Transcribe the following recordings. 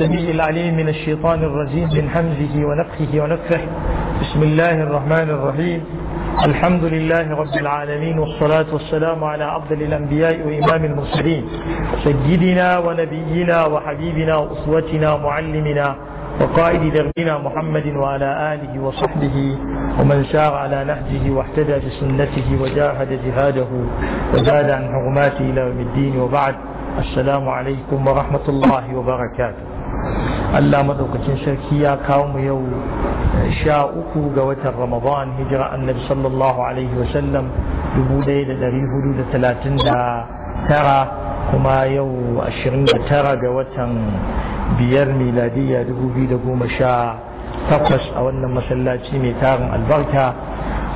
السميع العليم من الشيطان الرجيم من حمزه ونفخه ونفخه بسم الله الرحمن الرحيم الحمد لله رب العالمين والصلاة والسلام على أفضل الأنبياء وإمام المرسلين سيدنا ونبينا وحبيبنا وأسوتنا معلمنا وقائد دربنا محمد وعلى آله وصحبه ومن سار على نهجه واهتدى بسنته وجاهد جهاده وزاد عن حرماته إلى يوم الدين وبعد السلام عليكم ورحمة الله وبركاته Allah maɗaukacin sarki ya kawo mu yau eh, sha uku ga watan Ramadan hijira annabi sallallahu alaihi wasallam dubu ɗaya da ɗari hudu da talatin da tara kuma yau ashirin da tara ga watan biyar miladiyya dubu biyu da goma sha takwas a wannan masallaci mai tarin albarka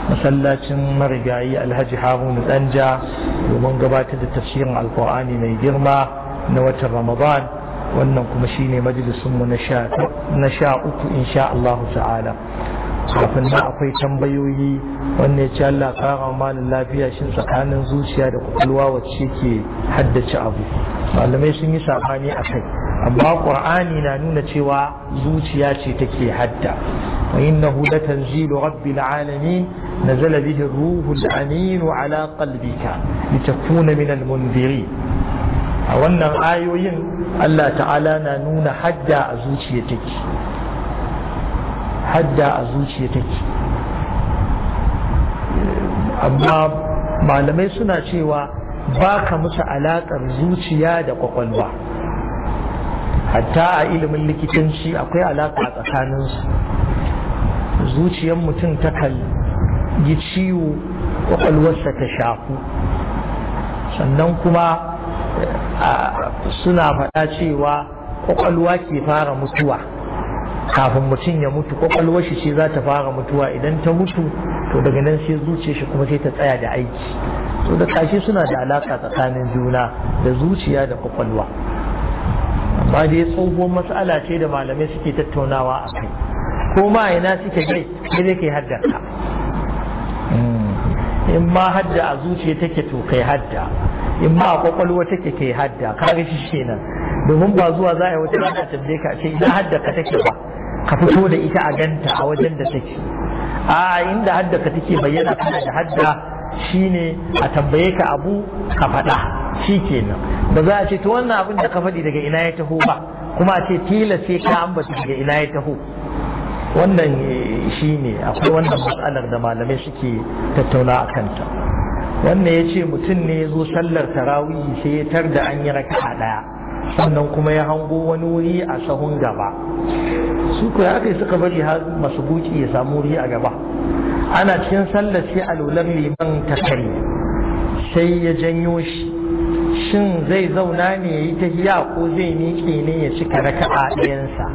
masallacin marigayi alhaji harun ɗanja domin gabatar da tafsirin alkur'ani mai girma na watan ramadan wannan kuma shine ne mu na sha na sha uku insha Allah ta'ala kafin nan akwai tambayoyi wanne ce Allah kara malin lafiya shin tsakanin zuciya da kwakwalwa wacce ke haddace abu malamai sun yi sabani a kai amma qur'ani na nuna cewa zuciya ce take hadda wa innahu latanzilu rabbil alamin nazala da ruhul amin ala qalbika litakuna minal munzirin a wannan ayoyin Allah ta'ala na nuna hadda a zuciya take hadda a zuciya take amma malamai suna cewa ba ka musu alaƙar zuciya da kwakwalwa hatta a ilimin likitanci akwai alaƙa a tsakaninsu zuciyar mutum takan yi ciwo kwakwalwarsa ta shafu sannan kuma suna faɗa cewa kwakwalwa ke fara mutuwa kafin mutum ya mutu kwakwalwar shi ce za ta fara mutuwa idan ta mutu to daga nan sai zuciya shi kuma sai ta tsaya da aiki to da tashi suna da alaka tsakanin juna da zuciya da kwakwalwa amma dai tsohuwar matsala ce da malamai suke tattaunawa a kai ko ma ina suke gai sai dai kai haddar hmm. in ma hadda a zuciya take to kai hadda in ba kwakwalwa take ke hadda kare shi kenan domin ba zuwa za a yi wata rana tambaye ka ce ina hadda ka take ba ka fito da ita a ganta a wajen da take a inda hadda ka take bayyana kana da hadda shine a tambaye ka abu ka faɗa shi kenan ba za a ce to wannan abin da ka faɗi daga ina ya taho ba kuma a ce tila sai ka ambata daga ina ya taho wannan eh, shine akwai wannan matsalar da malamai suke tattauna a kanta wannan ya ce mutum ne ya zo sallar tarawih sai ya tar da an yi raka'a ɗaya sannan kuma ya hango wani wuri a sahun gaba su ko ya kai suka bari har masu buki ya samu wuri a gaba ana cikin sallar sai alular liman ta kare sai ya janyo shi shin zai zauna ne ya yi tahiya ko zai miƙe ne ya cika raka'a ɗayansa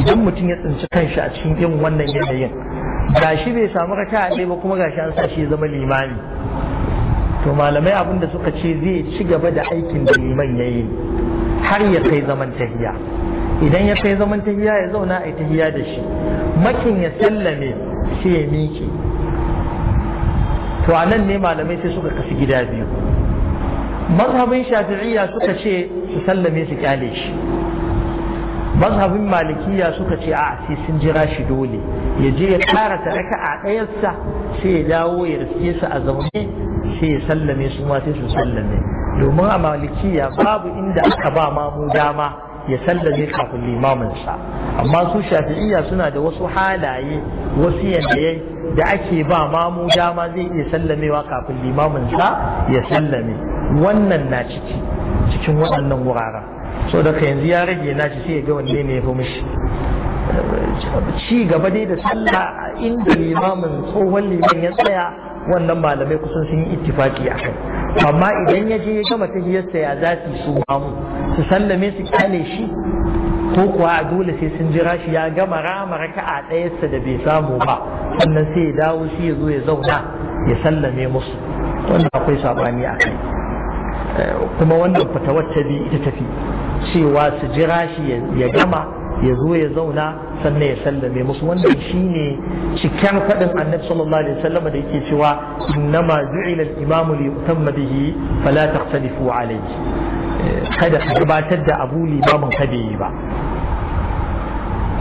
idan mutum ya tsinci kanshi a cikin irin wannan yanayin gashi bai samu raka'a ɗaya ba kuma gashi an sa shi ya zama limami to malamai abin da suka ce zai ci gaba da aikin da liman ya yi har ya kai zaman tahiya idan ya kai zaman tahiya ya zauna a tahiya da shi makin ya sallame sai ya miƙe to a nan ne malamai sai suka kasu gida biyu mazhabin shafi'iyya suka ce su sallame su kyale shi mazhabin malikiya suka ce a sai sun jira shi dole ya je ya tsara ta raka a ɗayarsa sai ya dawo ya riske su a zaune sai ya sallame su ma sai su sallame domin a malikiya babu inda aka ba mamu dama ya sallame kafin limaminsa amma su shafi'iyya suna da wasu halaye wasu yanayi da ake ba mamu dama zai iya sallamewa kafin limaminsa ya sallame wannan na ciki cikin waɗannan wuraren so daga yanzu ya rage nashi sai ya ga wanne ne ya fi mishi ci gaba dai da sallah inda limamin tsohon liman ya tsaya wannan malamai kusan sun yi ittifaki a kai amma idan ya je ya gama tahiyarsa ya za su su mamu su sallame su kyale shi ko kuwa a dole sai sun jira shi ya gama rama raka'a ɗayarsa da bai samu ba sannan sai ya dawo shi ya zo ya zauna ya sallame musu wannan akwai sabani a kai kuma wannan fatawar ta bi ita tafi cewa su jira shi ya gama ya zo ya zauna sannan ya sallame musu wannan shine cikar faɗin annabi sallallahu alaihi wasallam da yake cewa innama ju'ila al-imamu li yutamma bihi fala alayhi eh, kada ka gabatar da abu limamin bai yi ba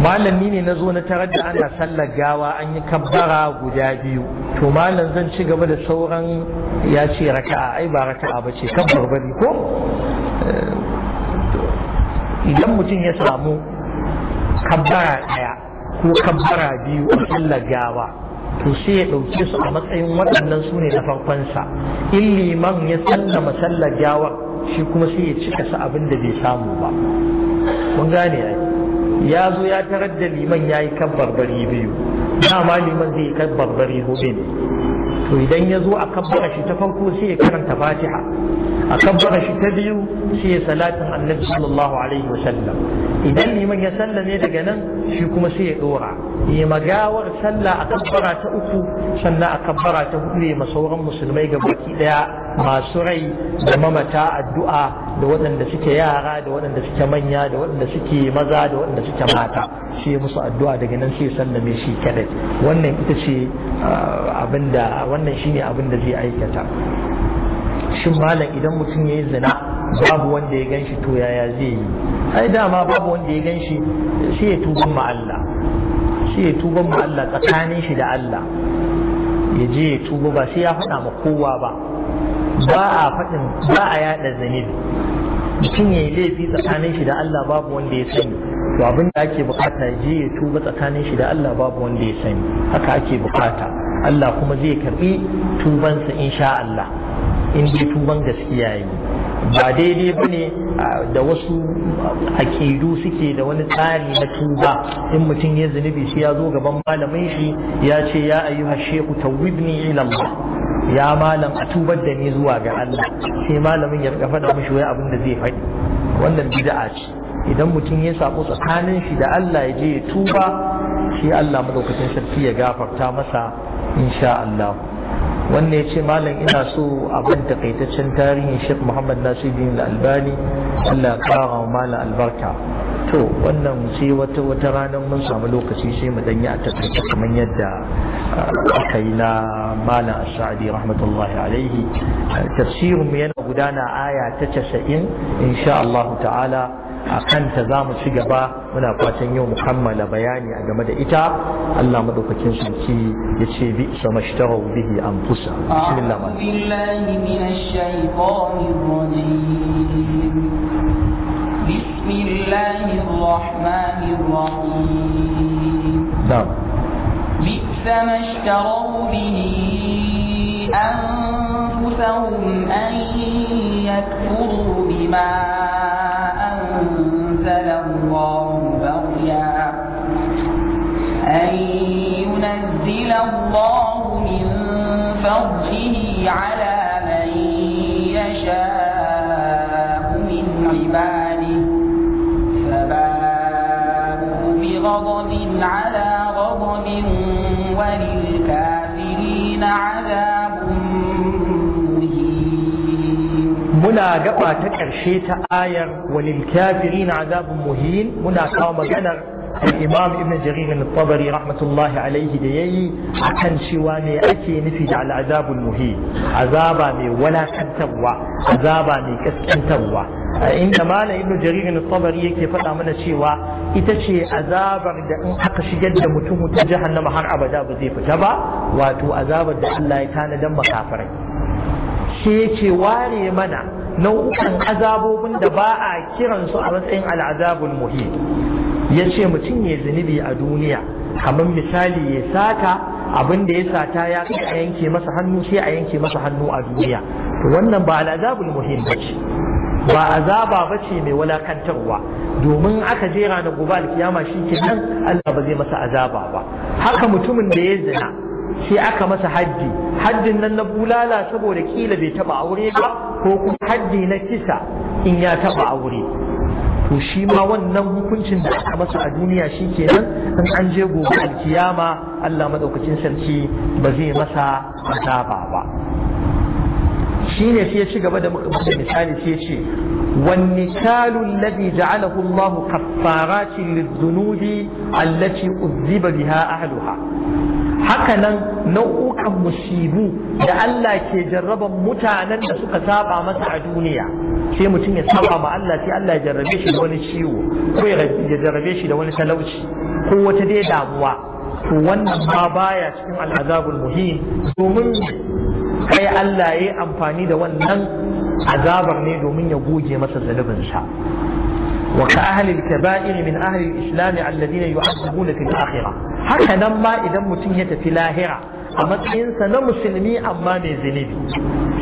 malami ne na zo na tarar da ana sallar gawa an yi kabbara guda biyu to malam zan ci gaba da sauran ya ce raka'a ai ba raka'a ba ce kabbar bari ko idan mutum ya samu kabbara ɗaya ko kabbara biyu a sallar gawa to sai ya ɗauke su a matsayin waɗannan su ne na farkonsa in liman ya sallama sallar gawa shi kuma sai ya cika su abin da bai samu ba kun gane ai ya zo ya tarar da liman ya yi kan barbari biyu dama liman zai yi kan barbari hudu ne to idan ya zo a kabbara shi ta farko sai ya karanta fatiha a kabbara shi ta biyu sai ya salatin annabi sallallahu alaihi wasallam idan liman ya sallame daga nan shi kuma sai ya dora ya magawar sallah a kabbara ta uku sannan a kabbara ta hudu ya masauran musulmai ga baki daya masu rai da mamata addu'a da waɗanda suke yara da waɗanda suke manya da waɗanda suke maza da waɗanda suke mata sai musu addu'a daga nan sai ya sallame shi kadai wannan ita ce ah, abinda wannan shine abin da zai aikata shin malam idan mutum ya yi zina babu wanda ya ganshi to yaya zai yi ai dama babu wanda ya ganshi shi ya tuban ma Allah shi ya tuban ma Allah tsakanin shi da Allah ya je ya tuba ba sai ya faɗa ma kowa ba ba a faɗin ba a yaɗa zanen, mutum ya yi laifi tsakanin shi da Allah babu wanda ya sani to abin da ake bukata je ya tuba tsakanin shi da Allah babu wanda ya sani haka ake bukata Allah kuma zai karbi tubansa insha Allah in dai tuban gaskiya yi ba daidai ba ne da wasu akidu suke da wani tsari na tuba in mutum ya zunubi shi ya zo gaban malamin shi ya ce ya ayyuha shehu tawibni ila ya malam a tubar da ni zuwa ga Allah sai malamin ya faɗa mishi wai abin da zai faɗi wannan bid'a ce idan mutum ya sako tsakanin shi da Allah ya je ya tuba shi Allah madaukakin sarki ya gafarta masa insha Allah wanne ya ce malam ina so abin takaitaccen tarihin Sheikh Muhammad Nasiruddin Al-Albani Allah kara malam albarka to wannan sai wata wata ranar mun samu lokaci sai mu danyi a takaice kamar yadda uh, aka yi na malam Sa'adi rahmatullahi alaihi uh, tafsirin mu yana gudana aya ta 90 insha Allah ta'ala a kanta za mu ci gaba muna fatan yau mu kammala bayani a game da ita Allah madaukakin sarki ya ce bi isa bihi an fusa bismillah يُنَزِّلَ اللَّهُ مِن فَضْلِهِ عَلَى مَن يَشَاءُ مِنْ عِبَادِهِ فَبَاءُوا بِغَضَبٍ عَلَى غَضَبٍ وَلِلْكَافِرِينَ عَذَابٌ muna gaba ta ƙarshe ta ayar walil kafirin azabun muhin muna kawo maganar الإمام ابن جرير الطبري rahmatullahi الله da yayi أكن cewa ne ake على العذاب المهين عذابا مي mai كنتوا عذابا mai كسكنتوا inda mala ibnu jaririn tabari yake faɗa mana cewa ita ce azabar da in aka shigar da mutum jihar jahannama har abada ba zai fita ba wato azabar da Allah ya tanadan makafirai shi yake ware mana nau'ukan azabobin da ba a kiransu a matsayin al'azabul muhim ya ce mutum ya zunubi a duniya kamar misali ya sata abin da ya sata ya kai a yanke masa hannu sai a yanke masa hannu a duniya wannan ba al'azabul muhim bace ba azaba ba ce mai walakantarwa domin aka jera na gobe alkiyama shi ke nan Allah ba zai masa azaba ba haka mutumin da ya zina sai aka masa hajji, haddin nan na bulala saboda kila bai taba aure ba ko kuma haddi na kisa in ya taba aure to shi ma wannan hukuncin da aka masa a duniya shi kenan in an je gobe alkiyama Allah madaukakin sarki ba zai masa azaba ba shi ne sai ya ci gaba da muka misali sai ya ce والنكال الذي جعله الله كفارات للذنوب التي أذب بها أهلها haka nan nau'ukan musibu da Allah ke jarraban mutanen da suka saba masa a duniya sai mutum ya saba ma Allah sai Allah ya jarrabe shi da wani ciwo ko ya jarrabe shi da wani talauci ko wata dai damuwa to wannan ma baya cikin al'azabul muhim domin kai Allah ya yi amfani da wannan azabar ne domin ya goge masa zalubinsa وكأهل الكبائر من أهل الإسلام الذين يعذبون في الآخرة هكذا ما إذا متنية في لاهرة أما تنسى نمسلمي أما نزنبي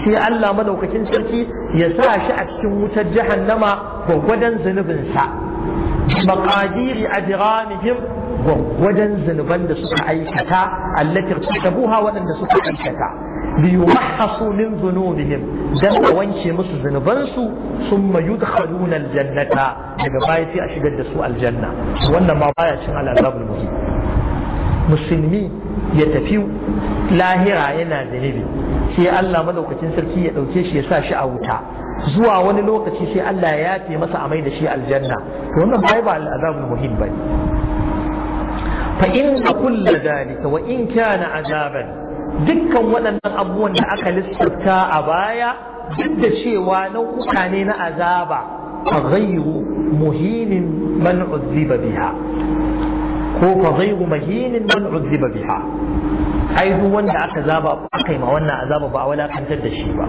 في ألا ملوك تنسلتي يساش أكسموت جهنم وغدا زنب سا مقادير أجرامهم وغدا زنبا لسكعيكتا التي ارتكبوها ولن لسكعيكتا ليمحصوا من ذنوبهم دم وانشي مس ذنبنسو ثم يدخلون الجنة لما باية أشجد سوء الجنة وانا ما باية على الباب المهم مسلمي يتفيو لا هي رأينا ذنبي سي الله ملوك تنسلتي يتوكيش يساش أوتا zuwa wani lokaci sai Allah ya yafe masa amai da shi aljanna to wannan bai ba al'azabul muhim bai fa in kullu dukkan waɗannan abubuwan da aka lissafta a baya duk da cewa nau'uka ne na azaba muhinin man biha ko fa muhinin man uzziba biha ai duk wanda aka zaba aka yi ma wannan azaba ba wala kantar da shi ba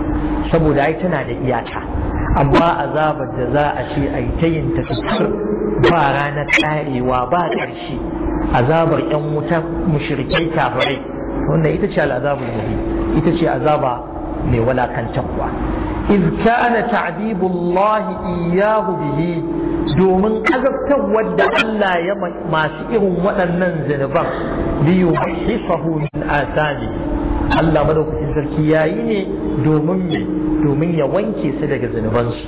saboda ai tana da iyaka amma azabar da za a ce yi ta yin ta ba ranar karewa ba ƙarshe azabar yan wuta mushrikai kafirai wannan ita ce al'azabul muhim ita ce azaba mai walakantarwa iz kana ta'dibullahi iyyahu bihi domin azabtar wadda Allah ya masu irin waɗannan zinuban biyu hisahu min asali Allah madaukakin sarki yayi ne domin domin ya wanke su daga zinubansu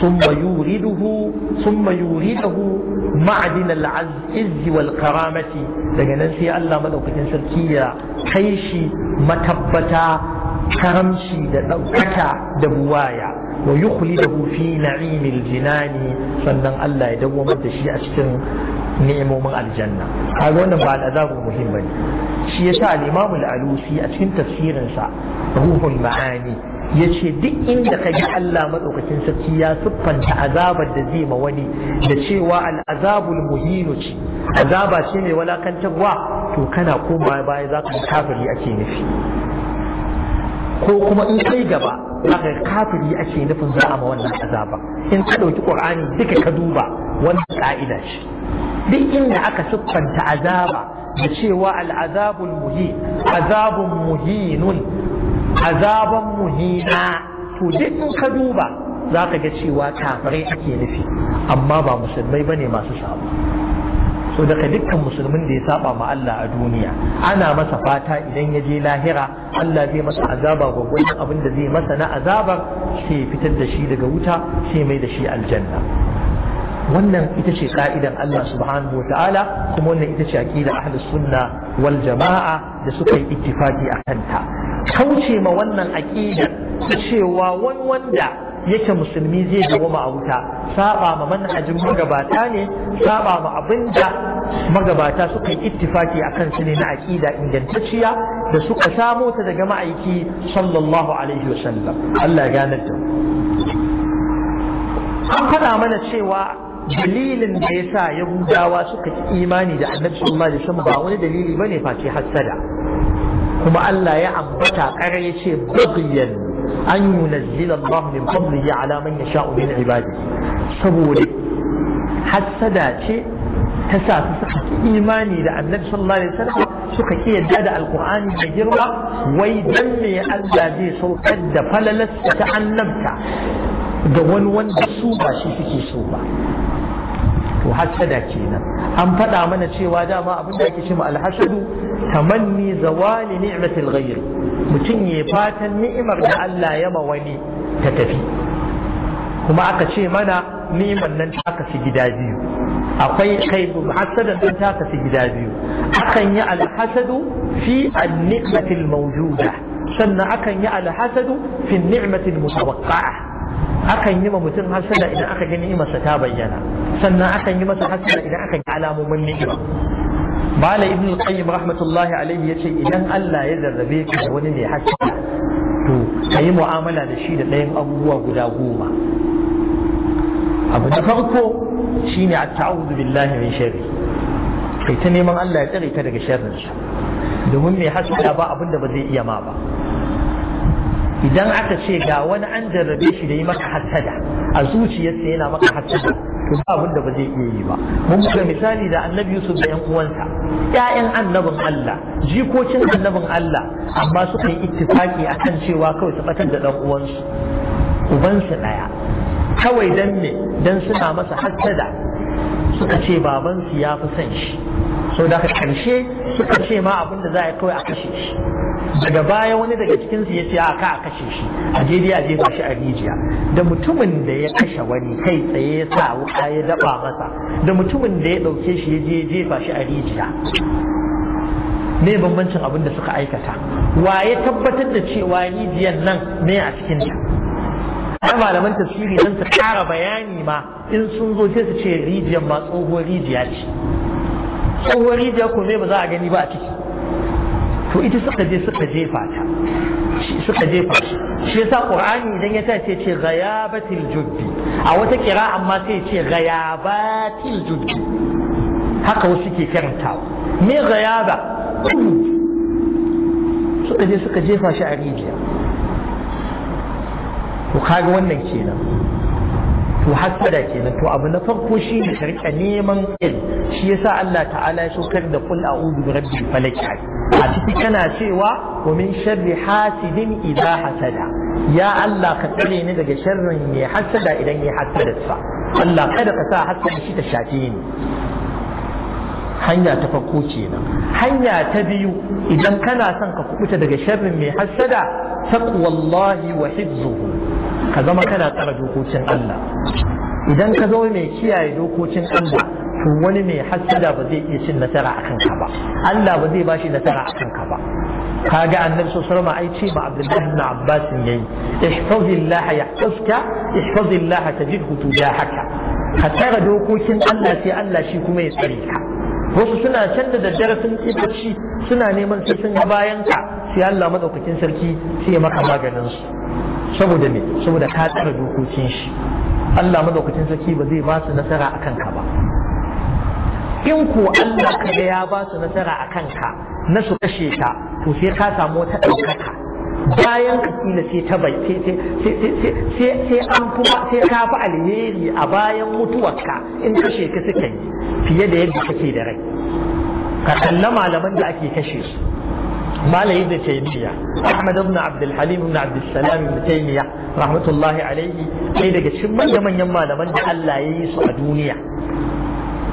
ثم يورده ثم يورده معدن العز والكرامة لكن أنت الله ما لو كنت سلكية حيشي متبتا كرمشي دبوايا ويخلده في نعيم الجنان فان الله يدوم ما تشي أشتن نعمه من الجنة هذا هو نبع الأذاب المهم شيء الإمام العلوسي أشتن تفسيرا روح المعاني ya ce duk inda ka ji Allah maɗaukakin sarki ya siffanta azabar da zai ma wani da cewa al'azabul muhinu ce azaba ce mai walakantarwa to kana koma baya za ka kafiri ake nufi ko kuma in kai gaba aka kafiri ake nufin za a ma wannan azaba in ka ɗauki ƙur'ani duka ka duba wannan ƙa'ida ce duk inda aka siffanta azaba da cewa al'azabul muhin azabun muhinun azaban muhina to duk in ka duba za ka ga cewa kafirai ake nufi amma ba musulmai bane masu sabo so daga dukkan musulmin da ya saba ma Allah a duniya ana masa fata idan ya je lahira Allah zai masa azaba gwagwanin abin da zai masa na azabar sai ya fitar da shi daga wuta sai mai da shi aljanna wannan ita ce ka'idan Allah subhanahu wa ta'ala kuma wannan ita ce aqida ahlus sunna wal jama'a da suka yi ittifaki a kanta kauce ma wannan aqida cewa wani wanda yake musulmi zai dawoma a wuta saba ma manhajin magabata ne saba ma abinda magabata suka yi ittifaki akan su ne na aqida ingantacciya da suka samo ta daga ma'aiki sallallahu alaihi wa sallam Allah ya ganar da an faɗa mana cewa dalilin da ya sa yahudawa suka ki imani da annabi sallallahu alaihi wasallam ba wani dalili bane face hassada kuma Allah ya ambata kare ya ce bagiyan an yunazzila Allah min fadlihi ala man yasha'u min ibadihi saboda hassada ce ta sa su suka ki imani da annabi sallallahu alaihi wasallam suka ki yadda da alqur'ani da girma wai dan me Allah zai saukar da falalarsa ta annabta ga wani wanda su ba shi suke so ba to hasada kenan an faɗa mana cewa dama abin da ake ce ma alhasadu tamanni zawali ni'matil ghayr mutum ya fatan ni'imar da Allah ya ma wani ta tafi kuma aka ce mana ni'imar nan ta kafi gida biyu akwai kai bu hasadan nan ta kafi gida biyu akan yi alhasadu fi an-ni'matil mawjuda sannan akan yi alhasadu fi an-ni'matil mutawaqqa'a akan yi ma mutum hasada idan aka gani ni'imarsa ta bayyana sannan akan yi masa hasada idan aka ga alamomin ni'ima Malam Ibn Qayyim rahmatullahi alaihi yace idan Allah ya zarrabe ka da wani mai hasada to yi mu'amala da shi da ɗayan abubuwa guda goma abu na farko shine at-ta'awudu billahi min sharri kai ta neman Allah ya tsare ka daga sharrin shi domin mai hasada ba abin da ba zai iya ma ba idan aka ce ga wani an jarrabe shi da yi maka hassada, a zuciyarsa yana maka hassada, to ba abin da ba zai iya yi ba mun buga misali da annabi yusuf da yan uwansa ƴaƴan annabin Allah jikokin annabin Allah amma suka yi ittifaki akan cewa kawai su batar da dan uwansu ubansu ɗaya kawai dan me dan suna masa hassada, suka ce babansu ya fi son shi Sau daga karshe suka ce ma abin da za a yi kawai a kashe shi daga baya wani daga cikin su ya ce a ka a kashe shi a je a jefa shi a rijiya da mutumin da ya kashe wani kai tsaye ya sa wuka ya daba masa da mutumin da ya dauke shi ya je jefa shi a rijiya me bambancin abin da suka aikata wa ya tabbatar da cewa rijiyar nan ne a cikin ta ai malaman tasiri nan su kara bayani ma in sun zo sai su ce rijiyar ma tsohuwar rijiya ce tsohuwar rijiya ko me ba za a gani ba a ciki to ita suka je suka jefa ta suka jefa shi shi yasa qur'ani idan ya ta ce ce ghayabatil jubbi a wata kira amma sai ce ghayabatil jubbi haka wasu ke karantawa me ghayaba suka je suka jefa shi a rijiya to kaga wannan kenan to hasada kenan to abu na farko shi ne ka rika neman il shi yasa Allah ta'ala ya shukar da kul a'udhu bi rabbil falaq a ciki kana cewa wa min sharri hasidin idha hasada ya Allah ka tsare ni daga sharrin mai hasada idan ya hasadarsa Allah kada ka sa hasada shi ta shafe ni hanya ta farko kenan hanya ta biyu idan kana son ka kubuta daga sharrin mai hasada taqwallahi wa hifzuhu ka zama kana tsara dokokin Allah idan ka zama mai kiyaye dokokin Allah to wani mai hasada ba zai iya cin nasara a kanka ba Allah ba zai bashi nasara a kanka ba kaga annabi sallallahu alaihi wasallam ai ce ma Abdullahi ibn Abbas yayi ihfazillah yahfazka ihfazillah tajidhu tujahaka ka tsara dokokin Allah sai Allah shi kuma ya tsare ka wasu suna canza da darasin kibaci suna neman sai sun ga bayan ka sai Allah madaukakin sarki sai ya maka maganin su saboda me saboda ka tsara dokokin shi Allah madaukakin sarki ba zai ba su nasara a kanka ba in ko Allah ga ya ba su nasara a kanka na su kashe ka to sai ka samu wata ɗaukaka bayan kila sai ta bai sai an kuma sai ka fi alheri a bayan mutuwarka in kashe ka suka yi fiye da yadda kake da rai ka kalla malaman da ake kashe su malayin da taimiyya ahmad ibn abdul halim ibn abdul salam ibn taimiyya rahmatullahi alaihi ɗaya daga cikin manya manyan malaman da Allah ya yi su a duniya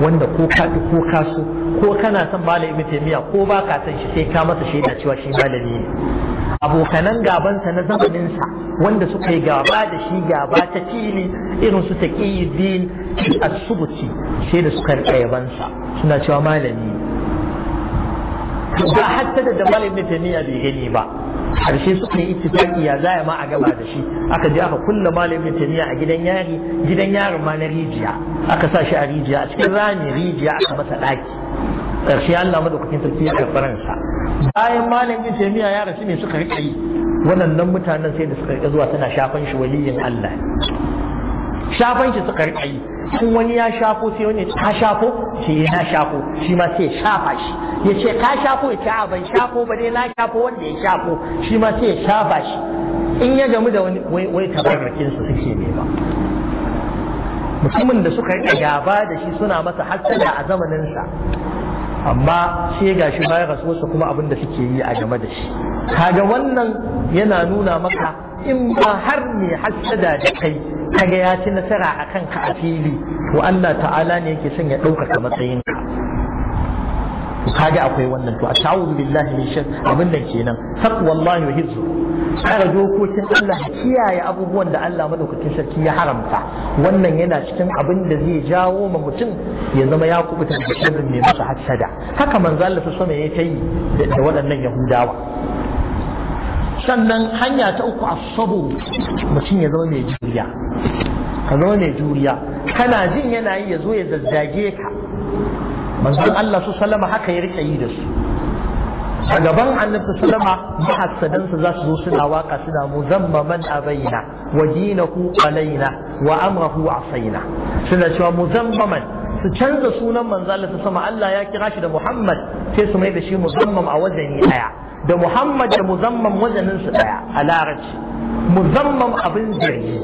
wanda ko ka ko ka so ko kana son malamin ibn taymiya ko ba ka son shi sai ka masa shaida cewa shi malami ne abokanan gabansa na zamanin sa wanda suka yi gaba da shi gaba ta tili irin su taqiyuddin as-subki sai da suka rika yabansa suna cewa malami ne ba hatta da malam ibn taymiya bai gani ba karshe suka yi ittifaqi ya zaya ma a gaba da shi aka je aka kulla malam ibn taymiya a gidan yari gidan yarin ma na rijiya aka sa shi a rijiya a cikin rami rijiya aka masa daki karshe Allah madaukakin sarki ya karfaransa bayan malamin ibn taymiya ya rasu ne suka rika yi waɗannan mutanen sai da suka rika zuwa tana shafan shi waliyin Allah shafan shi suka rika yi kun wani ya shafo sai wani ta shafo shi na shafo shi ma sai ya shafa shi ya ce ka shafo ya ce ban shafo ba dai na shafo wanda ya shafo shi ma sai ya shafa shi in ya gamu da wani wai tabarrakin su suke ne ba mutumin da suka yi gaba da shi suna masa hassada a zamaninsa amma sai ga shi bayan rasuwarsa kuma abin da suke yi a game da shi kaga wannan yana nuna maka in ba har mai hassada da kai kaga ya ci nasara a kanka a fili to Allah ta'ala ne yake son ya ɗaukaka matsayinka kaga akwai wannan to a ta'awun billahi min shar abin nan kenan taqwallahi wa hizzu tsara dokokin Allah kiyaye abubuwan da Allah madaukakin sarki ya haramta wannan yana cikin abin da zai jawo ma mutum ya zama ya kubuta da mai masa hassada haka manzo Allah ta sama ya kai da waɗannan Yahudawa sannan hanya ta uku asabu mutum ya zama mai juriya ka zama mai juriya kana jin yana yi ya zo ya zazzage ka manzon Allah su salama haka ya rike yi da su a gaban annabi salama mahassadansa za su zo suna waka suna muzamma man abaina wa dinahu alaina wa amrahu asaina suna cewa muzammaman su canza sunan manzo Allah sama Allah ya kira shi da Muhammad sai su mai da shi muzammam a wazani daya da Muhammad da muzammam wazanin su daya a larabci muzammam abin jirgi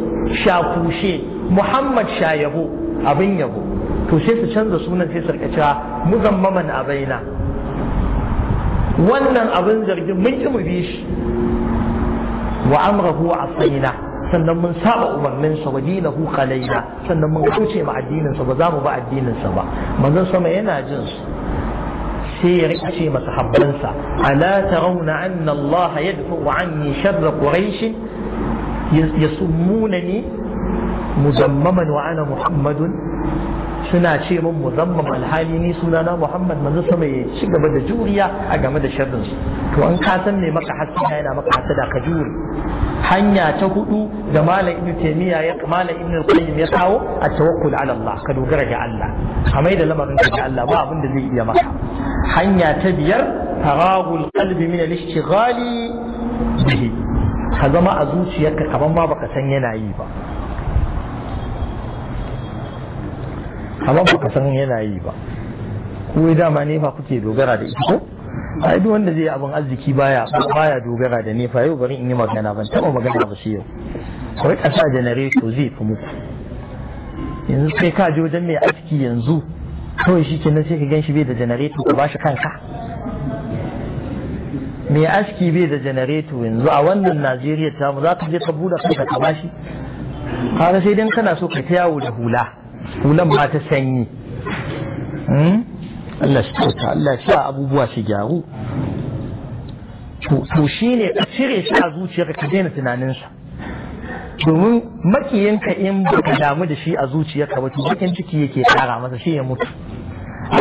shakushe Muhammad shayabo abin yabo to sai su canza sunan sai su rika cewa muzammaman abaina wannan abin zargin mun ki mu bi shi wa amrahu asaina sannan mun saba umarninsa wa dinahu qalaina sannan mun kauce ma addininsa ba za mu ba addininsa ba manzon sama yana jin su sai ya rika ce masa habbansa ala tarawna anna Allah yadfa'u anni sharra quraish yasummunani muzammaman wa ana muhammadun suna ce min muzammam alhali ni sunana muhammad manzo sama ya ci gaba da juriya a game da sharrin to an ka san me maka hasada yana maka hasada ka jure hanya ta hudu da malam ibn taymiya ya malam ibn qayyim ya kawo a tawakkul ala Allah ka dogara ga Allah kamar da lamarin ka ga Allah ba abin da zai iya maka hanya ta biyar tarahul qalbi min al-ishtighali bihi ka zama a zuciyarka kaman ma baka san yana yi ba kaman baka san yana yi ba ko dama ne fa kuke dogara da ita ko Aidu duk wanda zai abin arziki baya baya dogara da nefa yau bari in yi magana ban taba magana ba shi yau ku rika sa janareto zai fi muku yanzu sai ka je wajen mai aski yanzu kawai shi kenan sai ka gan shi bai da janareto ka bashi kanka mai aski bai da janareto yanzu a wannan najeriya ta mu za ka je ka buɗe kanka ka bashi kaga sai dan kana so ka ta yawo da hula hulan ma ta sanyi hmm? Allah shi kyauta Allah shi abubuwa shi gyaru to shi ne ka cire shi a zuciyarka ka daina tunaninsa domin makiyinka in baka damu da shi a zuciyarka ba to bakin ciki yake kara masa shi ya mutu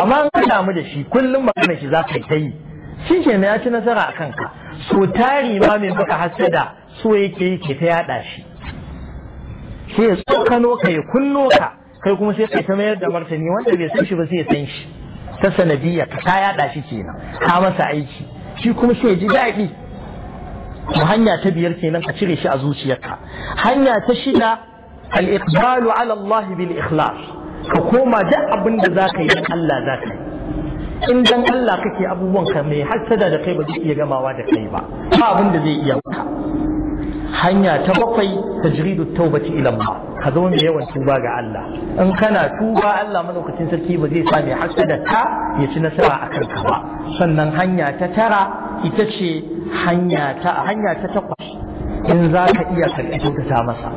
amma in ka damu da shi kullum magana shi za ka yi ta yi shi ke ya ci nasara a kanka so tari ma mai maka hasada so yake yi ke ta yada shi sai ya tsokano ka ya kunno ka kai kuma sai ka ta mayar da martani wanda bai san shi ba sai ya san shi ta sanadiya ka ta yaɗa shi kenan ka masa aiki shi kuma shi ji daɗi mu hanya ta biyar kenan ka cire shi a zuciyarka hanya ta shida al-iqbalu ala Allah bil ikhlas ka koma duk abin da zaka yi Allah zaka yi in dan Allah kake abubuwan ka mai hasada da kai ba zai iya gamawa da kai ba ba abin da zai iya hanya ta bakwai tajridu tawbati ila Allah ka zo mai yawan tuba ga Allah in kana tuba Allah malaukacin sarki ba zai sa mai hasada ta ya ci nasara a kanka ba sannan hanya ta tara ita ce hanya ta hanya ta takwas in za ka iya karɓi kyautata masa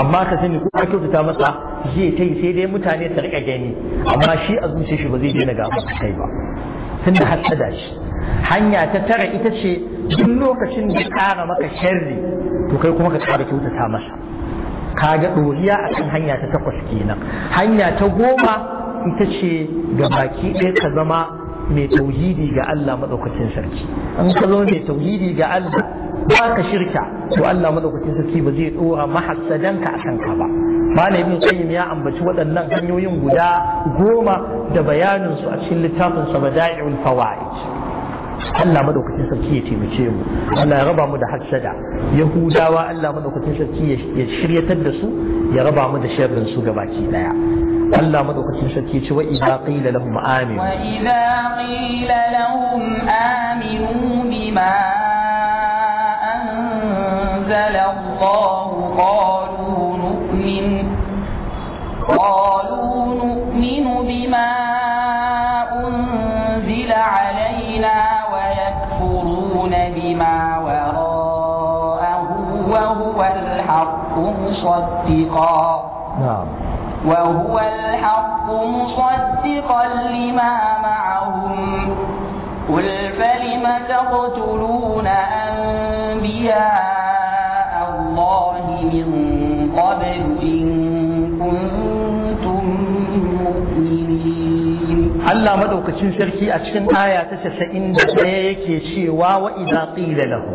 amma ka sani ko ka kyautata masa zai ta sai dai mutane su rika gani amma shi a zuciyar shi ba zai daina ga kai ba tunda hasada shi hanya ta tara ita ce duk lokacin da kara maka sharri to kai kuma ka kara kyautata masa Ka ga ɗoriya a kan hanya ta takwas kenan hanya ta goma ita ce ga baki ɗaya ka zama mai tauhidi ga Allah maɗaukacin sarki in ka zama mai tauhidi ga Allah ba ka shirka to Allah maɗaukacin sarki ba zai ɗora mahassadanka a kanka ba malam ibn qayyim ya ambaci waɗannan hanyoyin guda goma da bayaninsu a cikin littafin sa fawaid Allah madaukakin sarki ya taimake mu Allah ya raba mu da hasada yahudawa Allah madaukakin sarki ya shiryatar da su ya raba mu da sharrin su gabaki daya Allah madaukakin sarki ya ce wa idza qila lahum aminu wa idza qila lahum aminu bima anzala Allah qalu nu'min qalu nu'minu bima unzila alaina بما وراءه وهو الحق مصدقا نعم وهو الحق مصدقا لما معهم قل فلم تقتلون أنبياء الله من قبل إن Allah maɗaukacin sarki a cikin aya ta casa'in da ɗaya yake cewa wa idza qila lahu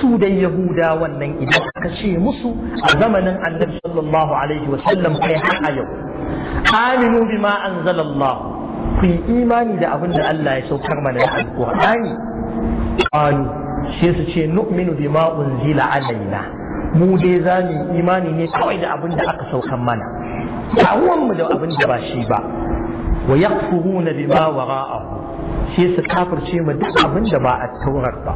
su dai yahuda wannan idan aka ce musu a zamanin annabi sallallahu alaihi wa sallam kai har a yau aminu bima anzalallah ku yi imani da abin da Allah ya saukar mana da alqur'ani qalu sai su ce nu'minu bima unzila alaina mu dai za mu imani ne kawai da abin da aka saukar mana ba mu da abin da ba shi ba ويقفهون بما وراءه شيء سكافر شيء مدفع من جماعة التورات با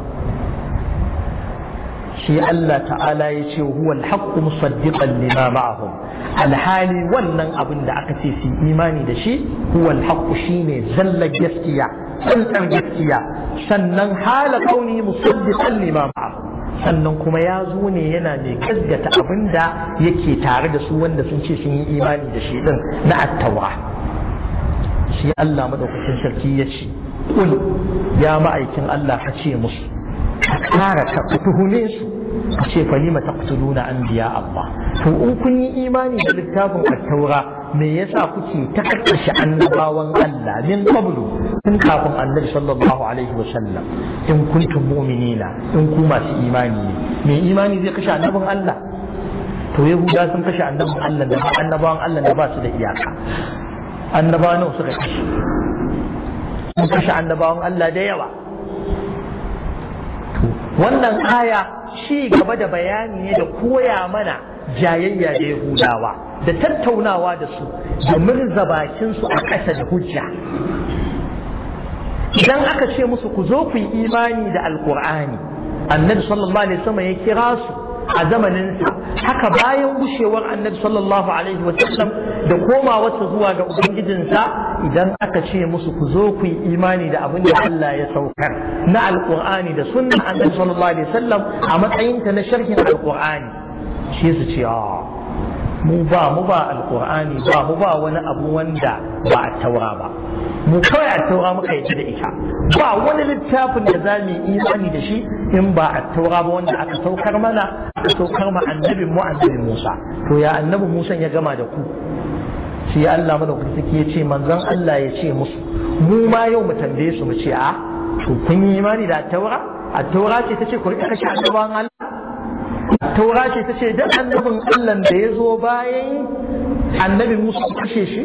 شيء الله تعالى يشي وهو الحق مصدقا لما معهم على حالي ولن أبن دعكتي في إيماني دشي هو الحق شيني زل جسكيا سنتر جسكيا سنن حال كوني مصدقا لما معهم sannan kuma ya zo ne yana mai kaddata abin da yake tare da su wanda sun ce sun yi imani da shi din na attawa shi Allah madaukakin sarki ya ce kul ya ma'aikin Allah ka ce musu ka kara ka tuhume su ka ce fa lima taqtuluna anbiya Allah to in kun yi imani da littafin at-taura me yasa kuke ta kakkashi annabawan Allah min qablu tun kafin annabi sallallahu alaihi wa sallam in kuntum mu'minina in ku masu imani ne me imani zai kashe annabin Allah to yahuda sun kashe annabin Allah da annabawan Allah da ba su da iyaka annabawa nawa suka kashe sun kashe annabawan Allah da yawa wannan aya shi gaba da bayani ne da koya mana jayayya da yahudawa da tattaunawa da su da murza bakinsu a ƙasa da hujja idan aka ce musu ku zo ku yi imani da alkur'ani annabi sallallahu alaihi wasallam ya kira su a zamaninsa haka bayan gushewar annabi sallallahu alaihi wa sallam da komawarsa zuwa ga ubangijinsa idan aka ce musu ku zo ku yi imani da abin da Allah ya saukar na alqur'ani da sunna annabi sallallahu alaihi wa sallam a matsayinta na sharhin alqur'ani shi su ce a ah, mu ba mu ba alkur'ani ba mu ba wani abu wanda ba a taura ba mu kawai a taura muka yi da ita ba wani littafin da za mu yi imani da shi in ba a taura ba wanda aka saukar mana aka saukar ma annabin mu annabi Musa to ya annabi Musa ya gama da ku Shi Allah madaukaki ya ce manzon Allah ya ce musu mu ma yau mu tambaye su mu ce a to kun yi imani da taura a taura ce ta ce ku rika kashe annabawan taura ce ta ce duk annabin Allah da ya zo bayan annabi Musa kashe shi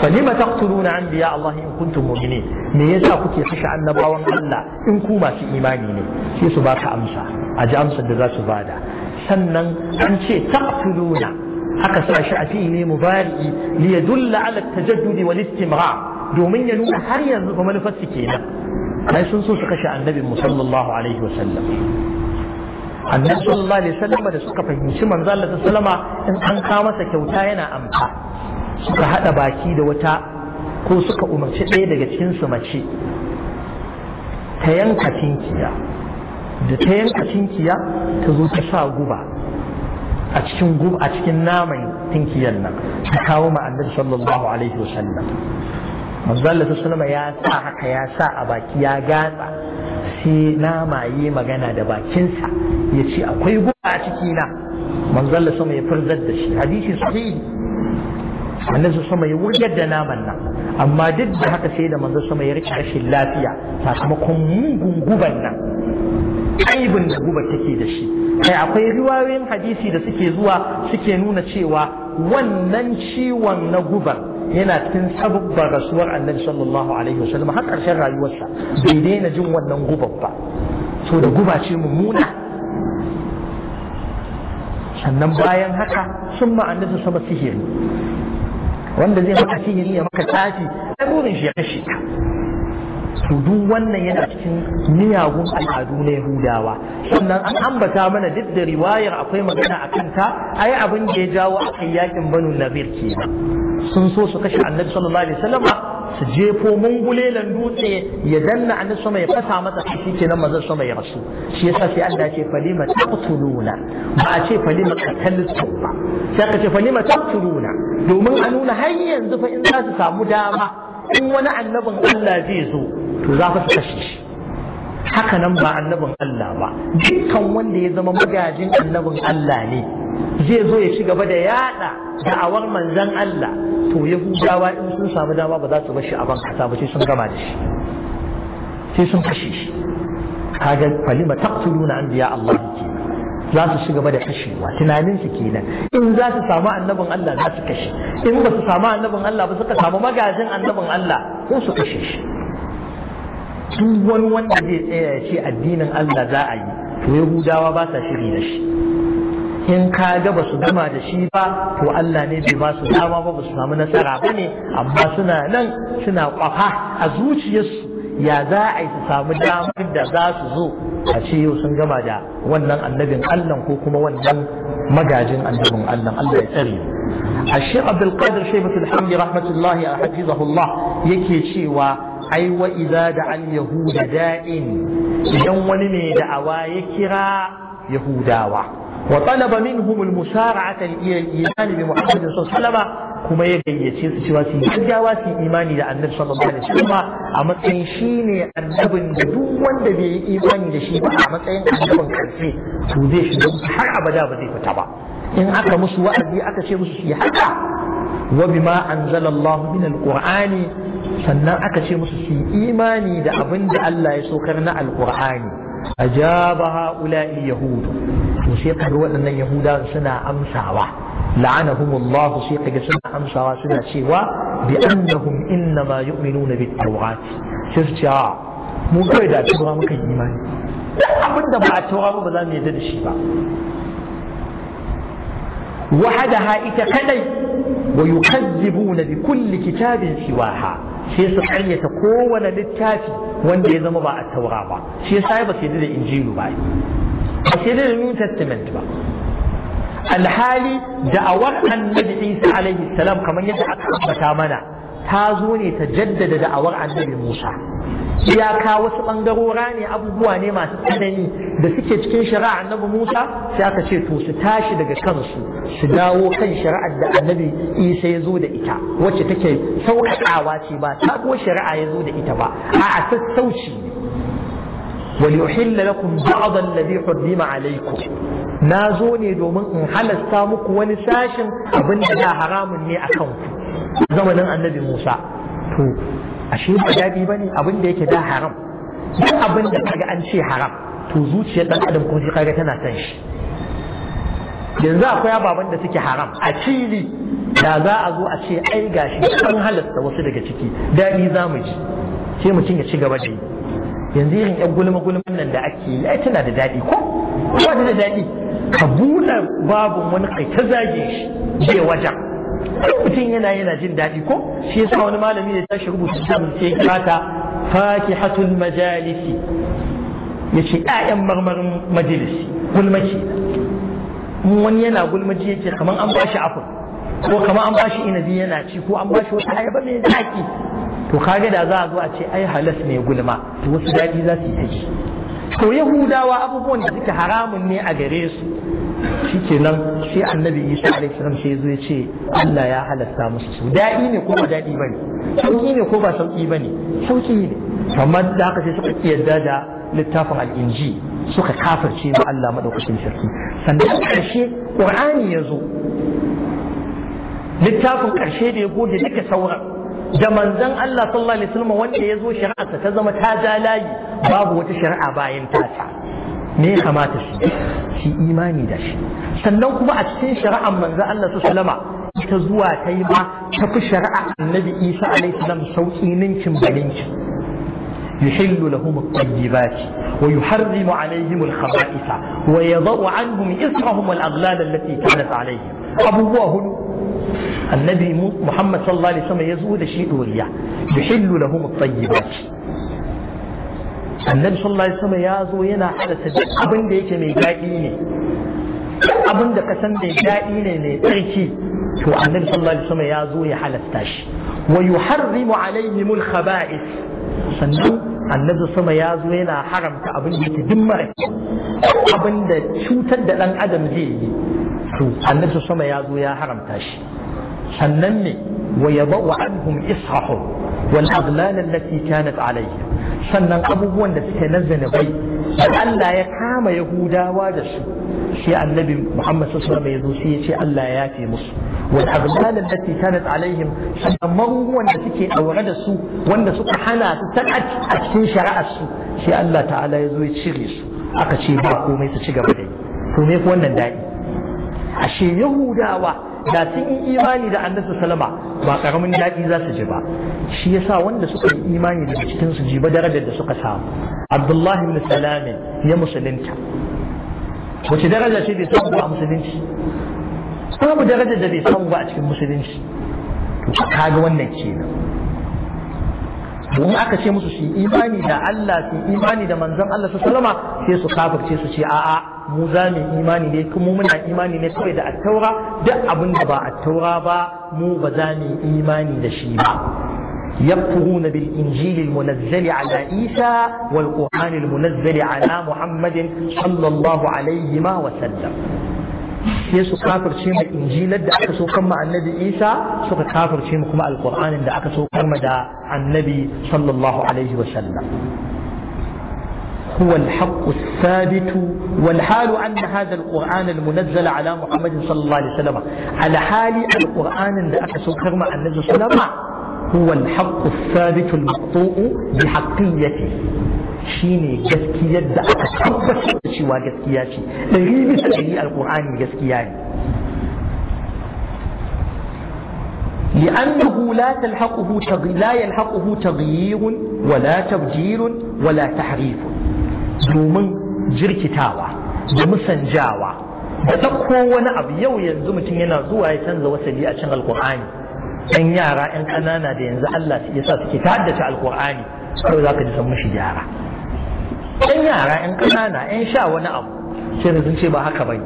fa lima taqtuluna anbiya Allah in kuntum mu'minin me yasa kuke kashe annabawan Allah in ku masu imani ne sai su baka amsa a ji amsar da za su bada sannan an ce taqtuluna haka sa shi a fi'ili mubari li yadulla ala at-tajaddud wal istimra domin ya nuna har yanzu ba manufar su kenan ai sun so su kashe annabin mu sallallahu alaihi wasallam annabi sallallahu alaihi wasallam da suka fahimci manzo Allah sallama in an ka masa kyauta yana amfa suka hada baki da wata ko suka umarci ɗaya daga cikin su mace ta yanka tinkiya da ta yanka tinkiya ta zo ta sa guba a cikin guba a cikin naman tinkiyan nan ta kawo ma annabi sallallahu alaihi wasallam manzo Allah sallama ya sa haka ya sa a baki ya gatsa sai namaye yi magana da bakinsa ya ce akwai guba a cikina manzalla sama ya furzar da shi hadisi sahihi annabi sama ya wurgar da naman nan amma duk da haka sai da manzo sama ya rike rashin lafiya sakamakon mugun guban nan aibin da guba take da shi kai akwai riwayoyin hadisi da suke zuwa suke nuna cewa wannan ciwon na gubar yana cikin sabubban rasuwar annabi sallallahu alaihi wasallam har ƙarshen rayuwarsa bai daina jin wannan gubar ba so da guba ce mummuna sannan bayan haka sun ma annabi sama sihiri wanda zai maka sihiri ya maka tafi ai burin shi ya kashe ka su duk wannan yana cikin miyagun al'adu na yahudawa sannan an ambata mana duk da riwayar akwai magana a kanta ai abin da ya jawo aka yakin banu nabir kenan sun so su kashe annabi sallallahu alaihi wasallam su jefo mungulelan dutse ya danna annabi sama ya fasa masa shi kenan manzon sama ya rasu shi yasa sai Allah ya ce falima taqtuluna ba a ce falima qataltu ba sai aka ce falima taqtuluna domin a nuna har yanzu fa in za su samu dama in wani annabin Allah zai zo to za su kashe shi haka nan ba annabin Allah ba dukkan wanda ya zama magajin annabin Allah ne zai zo ya ci gaba da yada da'awar manzan Allah to yahudawa in sun samu dama ba za su bar shi a banka. kasa ba sai sun gama da shi sai sun kashe shi kaga falima taqtuluna anbiya Allah za su ci gaba da kashewa tunanin su kenan in za su samu annabin Allah za su kashe in ba su samu annabin Allah ba suka samu magajin annabin Allah ko su kashe shi duk wani wanda zai tsaya ce addinin Allah za a yi to yahudawa ba sa shiri da shi in ka ga ba su gama da shi ba to Allah ne bai ba su dama ba ba su samu nasara ba ne amma suna nan suna kwafa a zuciyarsu ya za a yi su samu damar da za su zo a ce yau sun gama da wannan annabin Allah ko kuma wannan magajin annabin Allah Allah ya tsare a shi Abdul Qadir Shaybatul Hamdi rahmatullahi a hafizahullah yake cewa ai wa idza da al yahuda da'in idan wani ne da'awa ya kira yahudawa wa talaba minhum al musara'ata ila iman bi muhammad sallallahu alaihi wasallam kuma ya gayyace su cewa su gaggawa su imani da annabi sallallahu alaihi wasallam a matsayin shine annabin da duk wanda bai yi imani da shi ba a matsayin annabin karfe to zai shiga har abada ba zai fita ba in aka musu wa'azi aka ce musu su yi haka وبما أنزل الله al القرآن sannan aka ce musu su imani da abin da Allah ya sokar na alkur'ani ajaba ha'ula'i yahudu to sai kaga waɗannan yahudawa suna amsawa la'anahumullahu sai kaga suna amsawa suna cewa bi annahum innama yu'minuna bit tawrat sai su ce ah, mu kai da tawa muka yi imani abin da ba a tawa ba ba za mu yadda da shi ba wahadaha ita kadai wa yukazzibuna bi kulli kitabin siwaha sai su karyata kowane littafi wanda ya zama ba a taura ba shi yasa ba sai da injilu ba ba sai da new testament ba alhali da'awar annabi isa alaihi salam kamar yadda aka ambata mana ta zo ne ta jaddada da'awar annabi musa iyaka wasu ɓangarora ne abubuwa ne masu tsanani da suke cikin shari'a annabi Musa sai aka ce to su tashi daga kansu su dawo kan shari'ar da annabi Isa ya zo da ita wacce take sauƙaƙawa ce ba ta ko shari'a ya zo da ita ba a'a sassauci ne وليحل لكم بعض الذي حرم عليكم na zo ne domin in halasta muku wani sashin abin da haramun ne a annabi Musa ashe ba daɗi ba ne abin da yake da haram duk abin da kaga an ce haram to zuciyar ɗan adam kuma sai kaga tana san shi yanzu akwai ababen da suke haram a cili da za a zo a ce ai gashi an halasta wasu daga ciki daɗi za mu ji sai mutum ya ci gaba da yi yanzu irin yan gulma gulman nan da ake yi ai tana da daɗi ko ba da daɗi ka buɗe babu wani kai ta zage shi je wajen mutum yana yana jin daɗi ko shi yasa wani malami da tashi rubuta littafin sai kira ta fatihatul majalisi ya ce ƴaƴan marmarin majalisi gulmaci wani yana gulmaci yake kamar an bashi afur ko kamar an bashi inabi yana ci ko an bashi wata ayaba mai zaki to kaga da za a zo a ce ai halas mai gulma to wasu daɗi za su yi ta to yahudawa abubuwan da suke haramun ne a gare su shikenan sai annabi isa alaihi salam sai zai ce Allah ya halasta musu su daɗi ne ko ba daɗi bane sauki ne ko ba sauki bane sauki ne amma da haka suka suka yarda da littafin al-inji suka kafirce ma Allah madaukakin sarki sannan karshe qur'ani ya zo littafin karshe da ya goge duka sauran da manzon Allah sallallahu alaihi wasallam wanda ya zo shari'arsa ta zama ta ja layi babu wata shari'a bayan tata me ya kamata shi shi imani da shi sannan kuma a cikin shari'ar manzo Allah sallama ta zuwa ta yi ma ta fi shari'a annabi Isa alaihi salam sauki ninkin balinki يحل لهم الطيبات ويحرم عليهم الخبائث ويضع عنهم إثرهم والأغلال التي كانت عليهم أبو الله النبي محمد صلى الله عليه da shi شيء yuhillu lahum لهم الطيبات annabi sallallahu alaihi ya zo yana halatta duk abin da yake mai daɗi ne abin da ka san mai daɗi ne mai tsarki to annabi sallallahu alaihi ya zo ya halatta shi wa yuharrimu alaihim al-khaba'ith sannan annabi sama ya zo yana haramta abin da yake duk mara abin da cutar da dan adam zai yi to annabi sama ya zo ya haramta shi sannan ne wa yabwa anhum ishahum wal aghlal allati kanat alaihim sannan abubuwan da suke na zanabai Allah ya kama yahudawa da su sai annabi Muhammad sallallahu alaihi wasallam ya zo sai ya ce Allah ya yafe musu wal aghlal allati kanat alaihim sannan magungunan da suke aure da su wanda suka hana su ta a cikin shari'ar su sai Allah ta'ala ya zo ya cire su aka ce ba komai su ci gaba da yi to wannan daɗi ashe yahudawa da sun yi imani da annabi salama ba karamin daɗi za su ji ba shi yasa wanda suka yi imani da cikin su jiba darajar da suka samu abdullahi bin salamin ya musulunta wace daraja ce bai samu ba a musulunci babu darajar da bai samu ba a cikin musulunci to kaga wannan kenan domin aka ce musu shi imani da Allah su imani da manzon Allah su salama sai su kafirce su ce a'a mu za mu imani ne kuma muna imani ne kawai da attaura duk abin da ba attaura ba mu ba za mu imani da shi ba يكفرون بالإنجيل المنزل على عيسى والقرآن المنزل على محمد صلى الله عليهما وسلم sai su kafirce mu injilar da aka saukar ma annabi isa suka kafirce mu kuma alkur'anin da aka saukar ma da annabi sallallahu alaihi wa sallam هو الحق الثابت والحال أن هذا القرآن المنزل على محمد صلى الله عليه وسلم على حال القرآن الذي أكسو عن النبي صلى الله عليه وسلم هو الحق الثابت المقطوع بحقيته شيني جسكي da aka tabbatar da cewa gaskiya القرآن ɗari لأنه لا تلحقه لا يلحقه تغيير ولا تبجيل ولا تحريف domin jirkitawa da musanjawa da ɗauko wani abu yau yanzu mutum yana zuwa ya canza wasali a cin alkur'ani ɗan yara ɗan ƙanana da yanzu Allah ya sa suke ta haddace alkur'ani kawai za ka ji san shi gyara. ɗan yara ɗan ƙanana ɗan sha wani abu sai da sun ce ba haka bai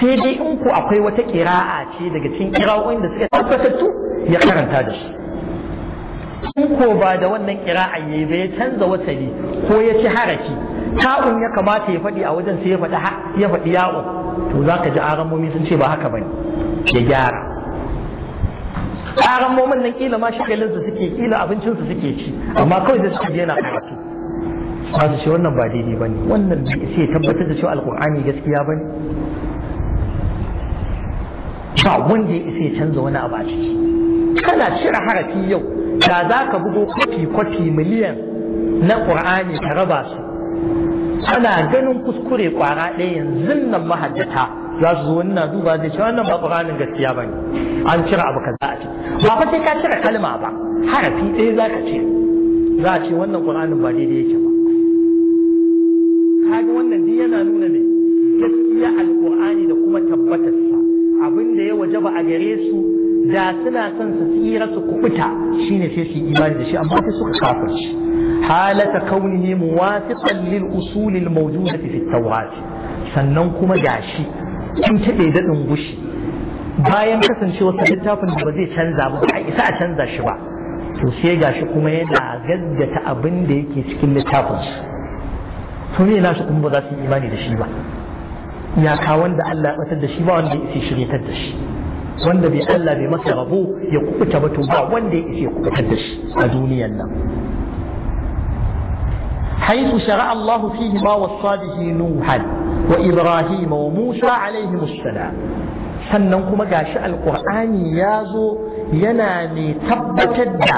sai dai in ku akwai wata ƙira'a ce daga cikin ƙira'o'in da suka tabbatattu ya karanta da shi in ko ba da wannan kira'an yayi ba ya canza wasali ko ya ci haraki ta'un ya kamata ya faɗi a wajen sai ya faɗi ya faɗi ya'un to ka ji aramomi sun ce ba haka bane ya gyara aramomin nan kila ma shagalin su suke kila abincin su suke ci amma kawai da suke yana karatu ba su ce wannan ba daidai bane wannan sai tabbatar da cewa alkur'ani gaskiya bane ba wanda ya isa ya canza wani abu a ciki kana cire harafi yau da za ka bugo kwafi-kwafi miliyan na ƙur'ani ka raba su ana ganin kuskure ƙwara ɗaya yanzu nan mahaddata za su zo wannan duba zai ce wannan ba ƙur'anin gaskiya ba ne an cire abu kaza a ciki ba fa sai ka cire kalma ba harafi ɗaya za ka ce za a ce wannan ƙur'anin ba daidai yake ba kaga wannan duk yana nuna ne gaskiya alƙur'ani da kuma tabbatarsa abin da ya wajaba a gare su da suna son su tsira su kubuta shine sai su imani da shi amma sai suka kafirci halata kaunihi muwafiqan lil usul al mawjudati fi tawrat sannan kuma gashi in tabe dadin gushi bayan kasancewa sa littafin da ba zai canza ba ba isa a canza shi ba to sai gashi kuma yana gaggata abin da yake cikin littafin shi. to me kuma ba za su imani da shi ba iyaka wanda Allah ya batar da shi ba wanda ya isi shiryatar da shi wanda bai Allah bai masa rabo ya kubuta ba to ba wanda ya ishe ya kubutar da shi a duniyan nan حيث شرع الله فيه ما وصى به نوحا وإبراهيم وموسى عليهم السلام sannan kuma gashi alqur'ani yazo yana ne tabbatar da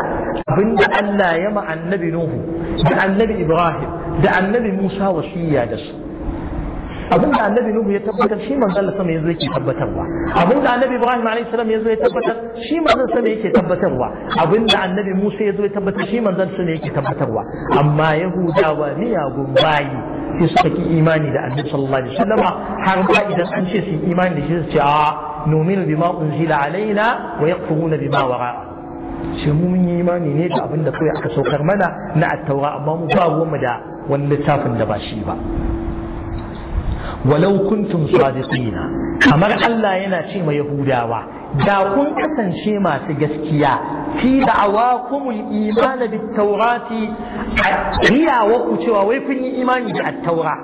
abinda Allah ya ma annabi Nuhu da annabi Ibrahim da annabi Musa wasiya da su abin da annabi nuhu ya tabbatar shi manzo Allah sama yazo yake tabbatarwa abin da annabi ibrahim alaihi salam yazo ya tabbatar shi manzo sama yake tabbatarwa abin da annabi musa yazo ya tabbatar shi manzo sama yake tabbatarwa amma yahudawa miyagun bayi sai suka ki imani da annabi sallallahu alaihi wasallam har ba idan an ce su imani da shi su ce a nu'minu bima unzila alaina wa yakfuruna bima wara'a shi mun yi imani ne da abin da kawai aka saukar mana na attaura amma mu ba mu da wani littafin da ba shi ba ولو كنتم صادقين kamar Allah yana ce ma Yahudawa da kun kasance masu gaskiya fi da'awakumul iman bit tawrati wa ku cewa wai kun yi imani da at-taura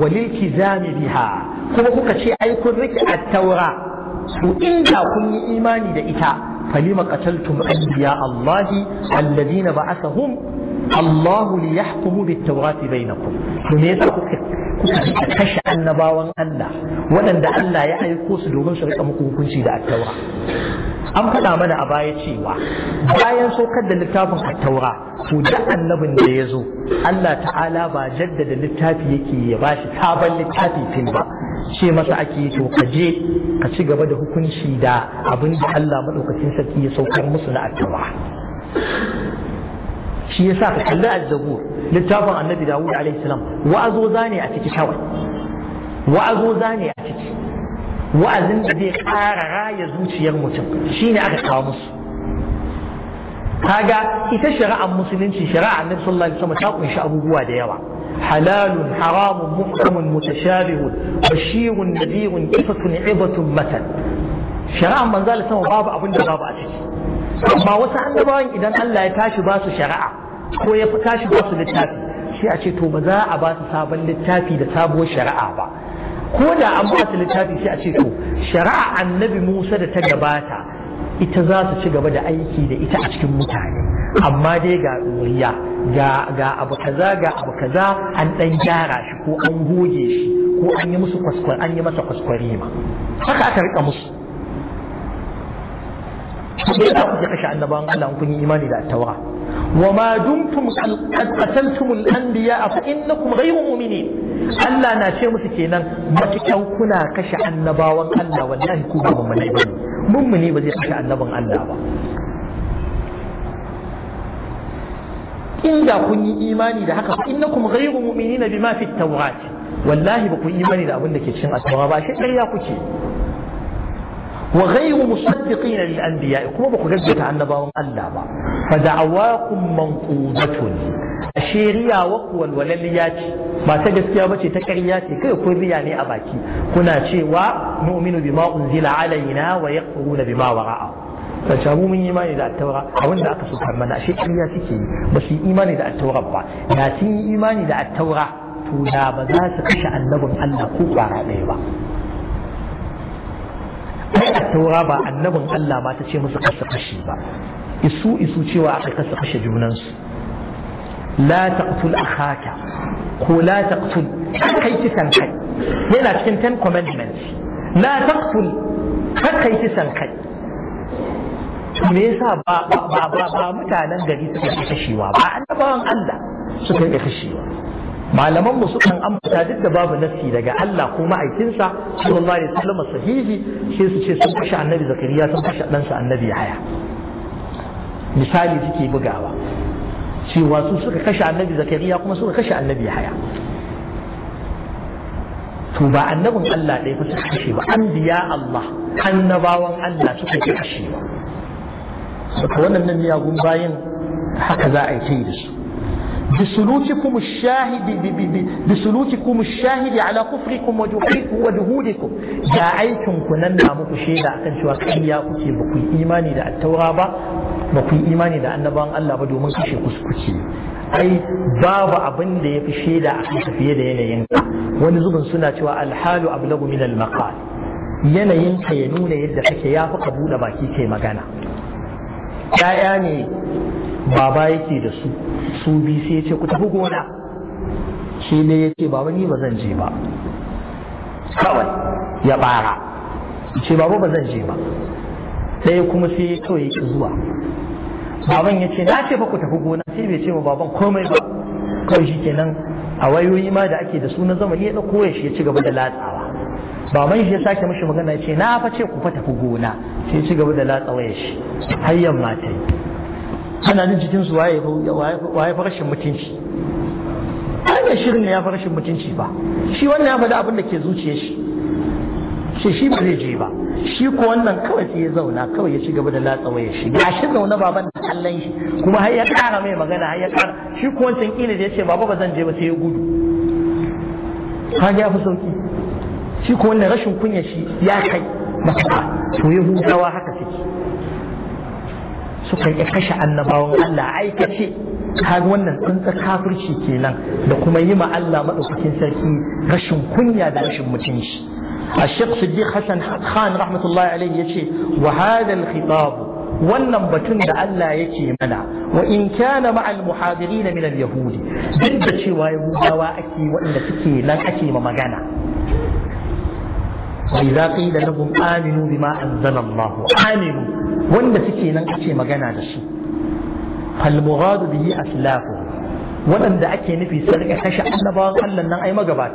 walil kizami biha kuma kuka ce ai kun rike at-taura to inda kun yi imani da ita falima qataltum anbiya Allah alladhina ba'athahum Allah liyahkumu bit tawrati bainakum to me yasa kuka a kashe annabawan Allah waɗanda Allah ya aiko su domin su rika muku hukunci da attaura an faɗa mana a baya cewa bayan saukar da littafin attaura to da annabin da ya zo Allah ta'ala ba jaddada littafi yake ya bashi sabon littafi fil ba ce masa ake to ka je ka ci gaba da hukunci da abin da Allah maɗaukacin sarki ya saukar musu na attaura shi yasa ka kalli azzabur littafin annabi dawud alaihi salam wa'azoza ne a ciki kawai wa'azoza a ciki wa'azin da zai ƙara raya zuciyar mutum shine aka kawo musu kaga ita shari'ar musulunci shari'ar annabi sallallahu alaihi wasallam ta kunshi abubuwa da yawa حلال حرام محكم متشابه بشير نذير قصة عظة مثل شرع من ذلك سما باب أبن باب أشي amma wasu annabawan idan Allah ya tashi ba su shari'a ko ya tashi ba su littafi Shi a ce to ba za a ba su sabon littafi da sabuwar shari'a ba ko da an ba su littafi shi a ce to shari'a annabi Musa da ta gabata ita za su ci gaba da aiki da ita a cikin mutane amma dai ga ɗoriya ga abu kaza ga abu kaza an ɗan gyara shi ko an goge shi ko an yi an yi masa kwaskwari ma haka aka rika musu me yasa kuke kashe annabawan Allah in kun yi imani da taura wa ma dumtum qad qataltum al anbiya fa innakum ghayru mu'minin Allah na ce musu kenan matukan kuna kashe annabawan Allah wallahi ku ba mu ne ba zai kashe annaban Allah ba inda kun yi imani da haka innakum ghayru mu'minina bima fi at-taurat wallahi ba ku imani da abin da ke cikin at-taura ba shi ƙarya kuke وغير مصدقين للأنبياء كما بقول عن نبار الله با فدعواكم منقوبة الشيرية وقوى الولليات ما تجسكي أبتي تكرياتي كي يكون يعني أباكي هنا شيء نؤمن بما أنزل علينا ويقفرون بما وراءه فجابوا من إيمان إلى التوراة أولا أكسوا كمنا شيء كرياتي بس إيمان إلى التوراة ياتي إيمان إلى التوراة to da ba za su kashe annabin Allah ko kwara ɗaya ba ai a taura ba annabin Allah ma ta ce musu kasa fashe ba isu isu cewa aka kasa kashe junansu la taqtul akhaka ko la taqtul kai kisan kai yana cikin ten commandments la taqtul kai kisan kai me yasa ba ba ba mutanen gari suka kashewa ba annabawan Allah suka kashewa malaman mu sukan ambata duk da babu nassi daga Allah ko ma'aikinsa sallallahu alaihi wasallam sahihi sai su ce sun kashe annabi zakariya sun kashe ɗansa annabi haya misali suke bugawa cewa su suka kashe annabi zakariya kuma suka kashe annabi haya to ba annabin Allah ɗaya ba suka kashe ba anbiya Allah annabawan Allah suka kashe ba saka wannan miyagun bayan haka za a yi da su بسلوككم الشاهد بسلوككم الشاهد على كفركم وجحركم وجهودكم جاعيتم كنن نعمك شيدا عقل شو أكيد يا كتي بقي إيماني دا التوغابة بقي إيماني دا أن بان الله بدو من كشي كسكتي أي باب أبن دي في شيدا عقل في يدين ينقى ونزوب سنة شو الحال أبلغ من المقال ين ينقى ينون يدحك يا فقبول باكي كي مغانا يا يعني baba yake da su su bi sai ya ce ku tafi gona shi ne ya ce baba ni ba zan je ba kawai ya bara ce baba ba zan je ba sai kuma sai ya kawai ya zuwa baban ya ce na ce ba ku tafi gona sai bai ce ma baban komai ba kawai shi kenan a wayoyi ma da ake da su na zamani ya ɗauko ya shi ya ci gaba da latsawa baban shi ya sake mashi magana ya ce na fa ce ku fa tafi gona sai ya ci gaba da latsawa ya shi har yamma ta yi ana jin cikin su waye waye fa rashin mutunci ai mai shirin ya fa rashin mutunci ba shi wannan ya faɗi abin da ke zuciyar shi shi shi ba zai je ba shi ko wannan kawai sai ya zauna kawai ya ci gaba da latsawa ya shi gashi zaune baban da kallon shi kuma har ya kara mai magana har ya kara. shi ko wancan kila da ya ce baba ba zan je ba sai ya gudu ka ya fi sauki shi ko wannan rashin kunya shi ya kai masa to yahudawa haka suke suka yi kashe annabawan Allah aikace kaga wannan tsantsar kafirci kenan da kuma yi ma Allah maɗaukakin sarki rashin kunya da rashin mutunci a shek siddiq hassan khan rahmatullahi alaihi ya ce wa wannan batun da Allah yake mana wa in kana ma'al muhadirin min al yahudi duk da cewa yahudawa ake waɗanda suke nan ake ma magana وإذا قيل لهم آمنوا بما أنزل الله آمنوا وند سكينا أكي مغانا دشي فالمغاد به أسلافه وأن أكي نفي سرق حشا أن باغ أي مغبا أي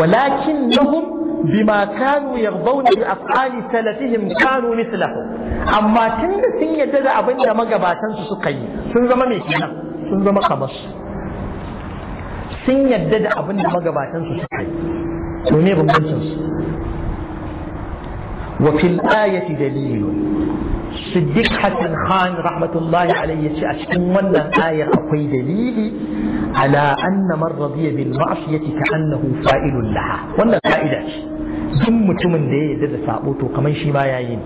ولكن ولكنهم بما كانوا يرضون بأفعال سلفهم كانوا مثله أما تند سن يدد أبن مقبات سكي سنزم ميكينا سنزم قمص sun yadda da مغبا da سقي ونغمزه وفي الآية دليل صديق حسن خان رحمة الله عليه أشكو أن الآية أقوي دليل على أن من رضي بالمعصية كأنه فائل لها وأن فائدة ثم من دي دي سابوتو كمان شي ما يعين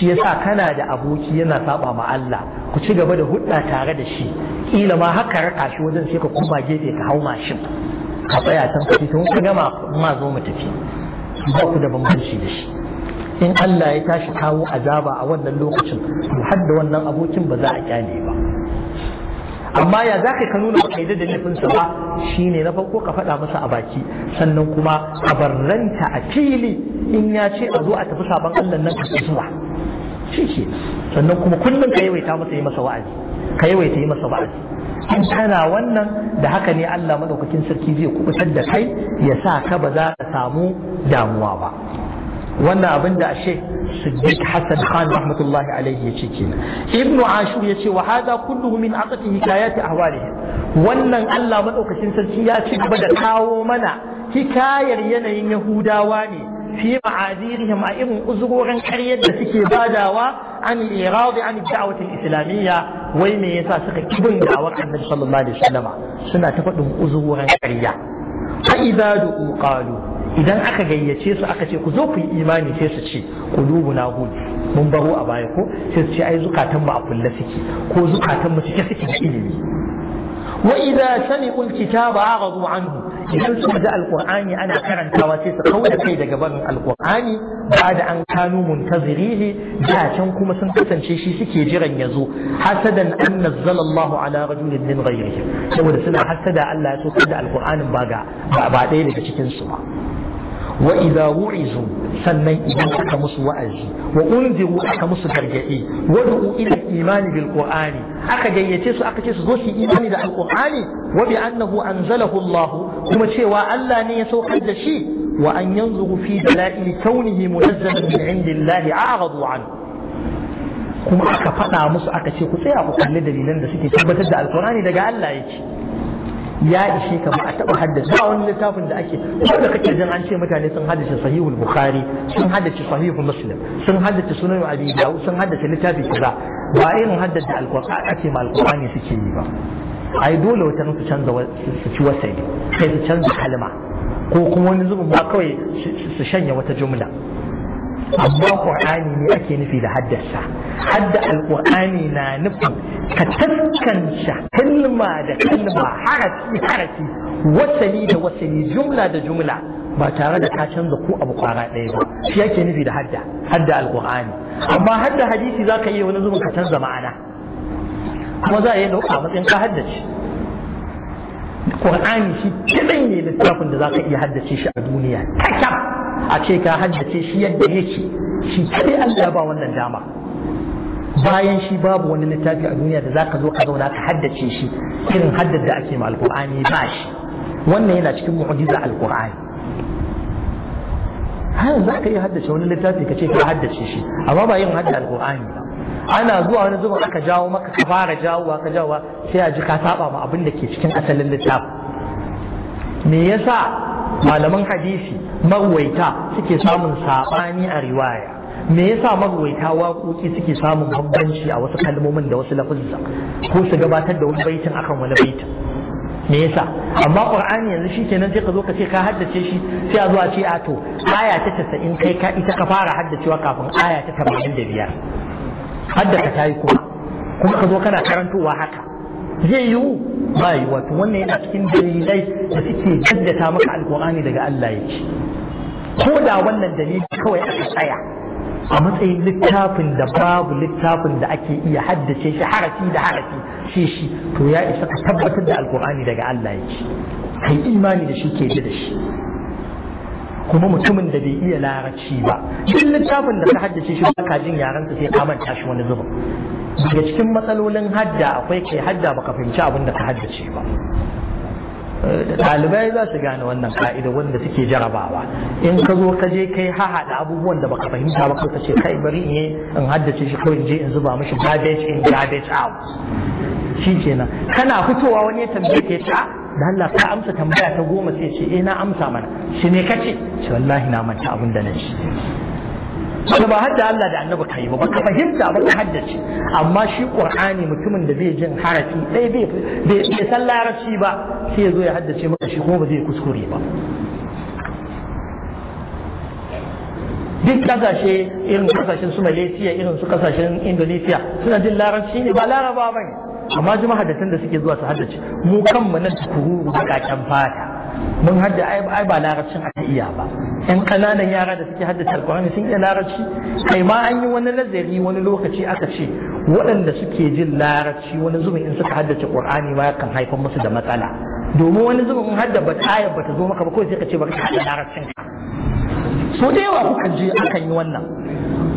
شي يسا كان دي أبو شي ينا سابا مع الله كتشي قبل هدنا تاغد الشي إلا ما هكا رقع شو وزن شيكو كما جيتي كهو ما شمت ka tsaya can ka tun ka gama ma zo mu tafi ba ku da bambanci da shi in Allah ya tashi kawo azaba a wannan lokacin to har da wannan abokin ba za a kyale ba amma ya za ka nuna ba da nufinsa ba shi ne na farko ka faɗa masa a baki sannan kuma a barranta a fili in ya ce a zo a tafi sabon allah nan ka zuwa shi ke sannan kuma kullum ka yawaita masa yi masa wa'azi ka yawaita yi masa wa'azi in kana wannan da haka ne Allah madaukakin sarki zai kubutar da kai ya sa ka ba za ka samu damuwa ba wannan abin da ashe Siddiq Hassan Khan rahmatullahi alaihi ya ce kenan Ibn Ashur ya ce wa hada kulluhu min aqati hikayati ahwalihim wannan Allah madaukakin sarki ya ci gaba da kawo mana hikayar yanayin Yahudawa ne fi ma'azirihim a irin uzurorin karyar da suke badawa an al an ad a watan islamiyya wai me yasa suka kibin da'awar annabi sallallahu alaihi wasallam suna ta faɗin uzuran ƙarya fa idza qalu idan aka gayyace su aka ce ku zo ku yi imani sai su ce qulubuna hud mun baro a baya ko sai su ce ai zukatan mu a kulle suke ko zukatan mu cike suke da ilimi وإذا سمعوا الكتاب أعرضوا عنه إذا سمع القرآن أنا كرن تواسيس قول في قبل القرآن بعد أن كانوا منتظريه جاء شنكم سنكسن شيء شيء سكي جرن يزو حسدا أن نزل الله على رجل من غيره سوى سنة حسدا أن لا تقد القرآن باقع بعد ذلك تكن سبحانه وإذا وعزوا سنن إذا أكا مس وأزي وأنذروا أكا مس ترجعي ودعوا إلى الإيمان بالقرآن أكا جيتيس أكا تيس غسي إيمان القرآن وبأنه أنزله الله كما تشيوى ألا نيسو حد شيء وأن ينظروا في دلائل كونه منزلا من عند الله أعرضوا عنه kuma aka faɗa musu شيء ce ku tsaya ku kalli dalilan da suke tabbatar da alkurani daga Allah yake ya ishe ka ba a taɓa haddasa ba wani littafin da ake wanda kake jin an ce mutane sun haddace sahihul bukhari sun haddace sahihul muslim sun haddace sunan abi dawud sun haddace littafi kaza ba irin haddace alqur'ani ake ma alqur'ani suke yi ba ai dole wata su canza su ci wasai sai su canza kalma ko kuma wani zubin ba kawai su shanya wata jumla amma qur'ani ne ake nufi da haddasa hadda alqur'ani na nufin ka taskanta kalma da kalma harafi harafi wasani da wasani jumla da jumla ba tare da ka canza ko abu kwara ɗaya ba shi yake nufi da hadda hadda alqur'ani amma hadda hadisi zaka iya wani zubin ka canza ma'ana kuma za a yi dauka matsayin ka haddace Qur'ani shi kiɗan ne littafin da za ka iya haddace shi a duniya kakaf a ce ka haddace shi yadda yake shi kadai Allah ba wannan dama bayan shi babu wani littafi a duniya da zaka zo ka zauna ka haddace shi irin haddar da ake ma alqur'ani ba shi wannan yana cikin mu'jiza alqur'ani har za ka iya haddace wani littafi ka ce ka haddace shi amma ba yin hadda alqur'ani ba ana zuwa wani zuba aka jawo maka ka fara jawowa ka jawowa sai a ji ka saba ma abin da ke cikin asalin littafi me yasa malaman hadisi maruwaita suke samun saɓani a riwaya me yasa maruwaita waƙoƙi suke samun bambanci a wasu kalmomin da wasu lafuzza ko su gabatar da wani baitin akan wani baitin me yasa amma qur'ani yanzu shi kenan sai ka zo ka ce ka haddace shi sai a zo a ce a to aya ta 90 kai ka ita ka fara haddacewa kafin aya ta 85 da biyar haddaka ta yi kuma kuma ka zo kana karantowa haka zai yiwu ba yi wato wannan yana cikin dalilai da suke jaddata maka alkur'ani daga Allah ce, ko da wannan dalili kawai aka tsaya a matsayin littafin da babu littafin da ake iya haddace shi harafi da harafi shi shi to ya isa ka tabbatar da alkur'ani daga Allah ce, kai imani da shi ke ji da shi kuma mutumin da bai iya larabci ba duk littafin da ka haddace shi ba ka jin yaransa sai ka manta shi wani zubin daga cikin matsalolin hadda akwai kai hadda baka fahimci abin da ka haddace ba eh, ɗalibai za su gane wannan ka'ida wanda suke jarabawa in ka zo ka je kai hahaɗa abubuwan da baka fahimta ba ka ce kai bari in yi in haddace shi kawai je in zuba mishi garbage in garbage out shi kenan kana fitowa wani ya tambaye ka ta ah, da Allah ka amsa tambaya ta goma sai ce eh na amsa mana shi ne kace ce wallahi na manta abin da na shi to ba hadda Allah da annabi kai ba ka fahimta ba ka haddace amma shi qur'ani mutumin da zai jin harafi dai bai bai san larabci ba sai ya zo ya haddace maka shi kuma ba zai kuskure ba duk kasashe irin kasashen su Malaysia irin su kasashen Indonesia suna jin larabci ne ba laraba bane amma jama'a da da suke zuwa su haddace mu kanmu nan tukuru da kakan fata mun hadda ai ba larabcin aka iya ba yan kananan yara da suke haddace alkur'ani sun iya laraci? kai ma an yi wani nazari wani lokaci aka ce waɗanda suke jin larabci wani zubin in suka haddace qur'ani ma kan haifar musu da matsala domin wani zubin in hadda ba ta zo maka ba kawai sai ka ce ba ka hadda larabcin ka so da yawa kukan ji akan yi wannan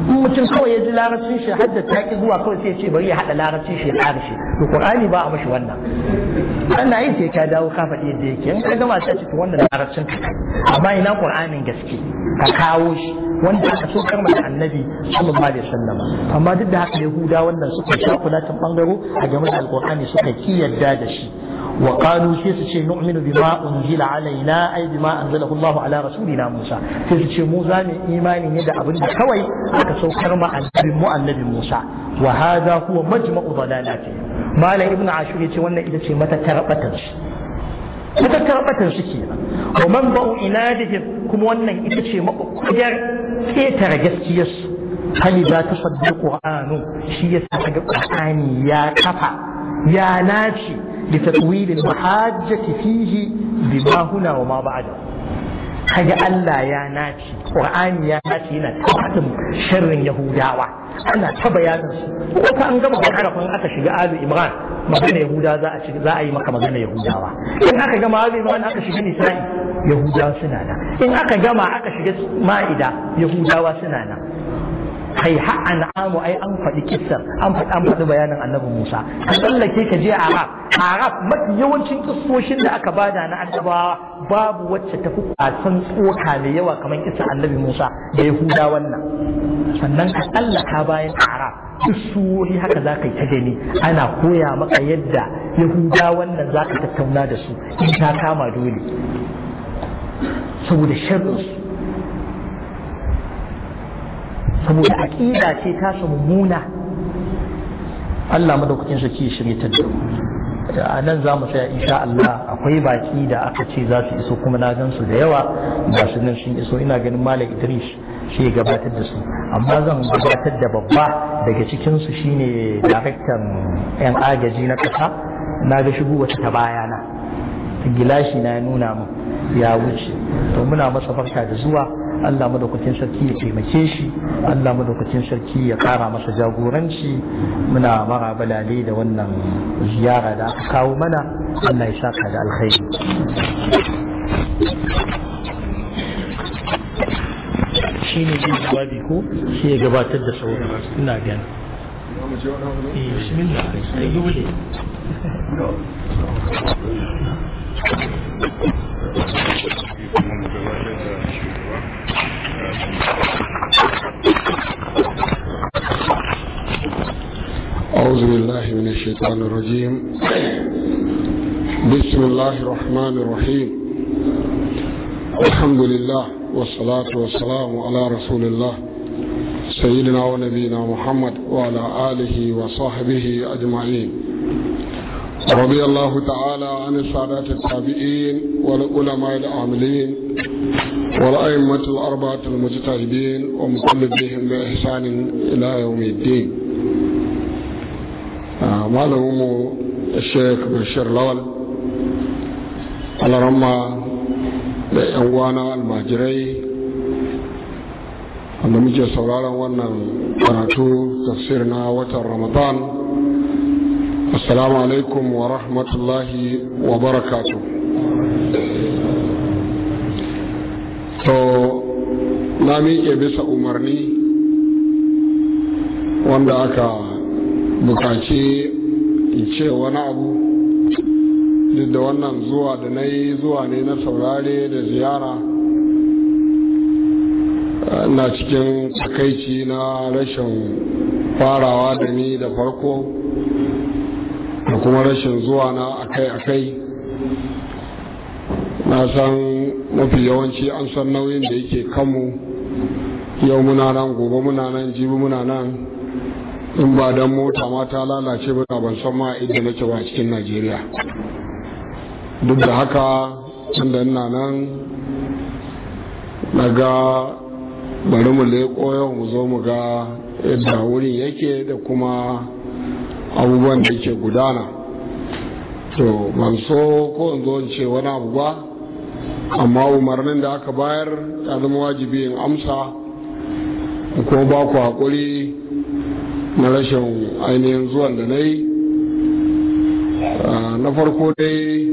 mutum kawai ya ji larabcin shi hadda ta ki zuwa kawai sai ce bari ya haɗa larabcin shi ya shi to qur'ani ba a mashi wannan ana yin sai ka dawo ka faɗi yadda yake in ka gama ta cikin wannan larabcin ka amma ina qur'anin gaske ka kawo shi wanda aka so karma da annabi sallallahu alaihi wasallam amma duk da haka yahuda wannan suka sha kulatan bangaro a game da alqur'ani suka ki yadda da shi وقالوا شيء شيء نؤمن بما أنزل علينا أي بما أنزله الله على رسولنا موسى شيء شيء موسى إيمان يدع أبن كوي أكسو كرم عن النبي موسى وهذا هو مجمع ضلالاته ما لا ابن عاشور يتي وانا إذا شيء متى تربتنش متى تربتنش كينا ومن بأو إنادهم كم وانا إذا شيء مقدر سيتر جسكيس هل ذا تصدق قرآن شيء يسحق القرآن يا كفى يا ناشي لتطويل المحاجة فيه بما هنا وما بعده kaga Allah ya naci Qur'ani ya naci yana tabbatin shirin Yahudawa ana ta bayanin su ko an gama harafin aka shiga Alu Imran magana Yahuda za za a yi maka magana Yahudawa in aka gama Alu Imran aka shiga Nisa'i Yahudawa suna nan in aka gama aka shiga Ma'ida Yahudawa suna nan kai ha an'amu ai an faɗi kissar an faɗi an faɗi bayanin annabi Musa ka tsallake ka je Arab Arab mafi yawancin kissoshin da aka bada na annabawa babu wacce ta fi kwasan tsoka mai yawa kamar kissar annabi Musa da Yahuda wannan sannan ka tsallaka bayan Arab kissohi haka za ka yi ta gani ana koya maka yadda Yahuda wannan za ka tattauna da su in ta kama dole saboda sharrinsu saboda aƙida ce ta su mummuna Allah madaukakin sarki shirye ta da a nan za mu tsaya insha Allah akwai baki da aka ce za su iso kuma na gan su da yawa ba su nan sun iso ina ganin Malam Idris shi ya gabatar da su amma zan gabatar da babba daga cikin su shine daraktan yan agaji na kasa na ga shigo wata ta bayana gilashi na nuna mu ya wuce to muna masa farka da zuwa Allah madaukakin sarki ya taimake shi Allah madaukakin sarki ya kara masa jagoranci muna mara balale da wannan ziyara da aka kawo mana Allah ya saka da alkhairi shi ne yin jawabi ko shi ya gabatar da sauran ina gani eh, bismillah ai أعوذ بالله من الشيطان الرجيم بسم الله الرحمن الرحيم الحمد لله والصلاة والسلام على رسول الله سيدنا ونبينا محمد وعلى آله وصحبه أجمعين رضي الله تعالى عن السادات التابعين والعلماء العاملين والأئمة الأربعة المتطهدين بهم بإحسان إلى يوم الدين بعد آه، هم الشيخ بشير لول على رمى لأوانا المهجري أن مجي سولالا وانا قناتو تفسيرنا وتر رمضان السلام عليكم ورحمة الله وبركاته na miƙe bisa umarni wanda aka bukaci in ce wani abu duk da wannan zuwa da na yi zuwa ne na saurare da ziyara na cikin takaici na rashin farawa da ni da farko da kuma rashin zuwa na akai-akai na san mafi yawanci an san nauyin da yake kanmu yau muna nan gobe muna nan jibi muna nan in ba don mota ma ta lalace ba ban san ma inda nake ba cikin najeriya duk da haka tunda ina nan na bari mu leƙo yau mu zo mu ga yadda wurin yake da kuma abubuwan da ke gudana to ban so ko in zo ce wani abu ba amma umarnin da aka bayar ya zama wajibi in amsa ko ba ku haƙuri na rashin ainihin zuwan da na yi ah, na farko dai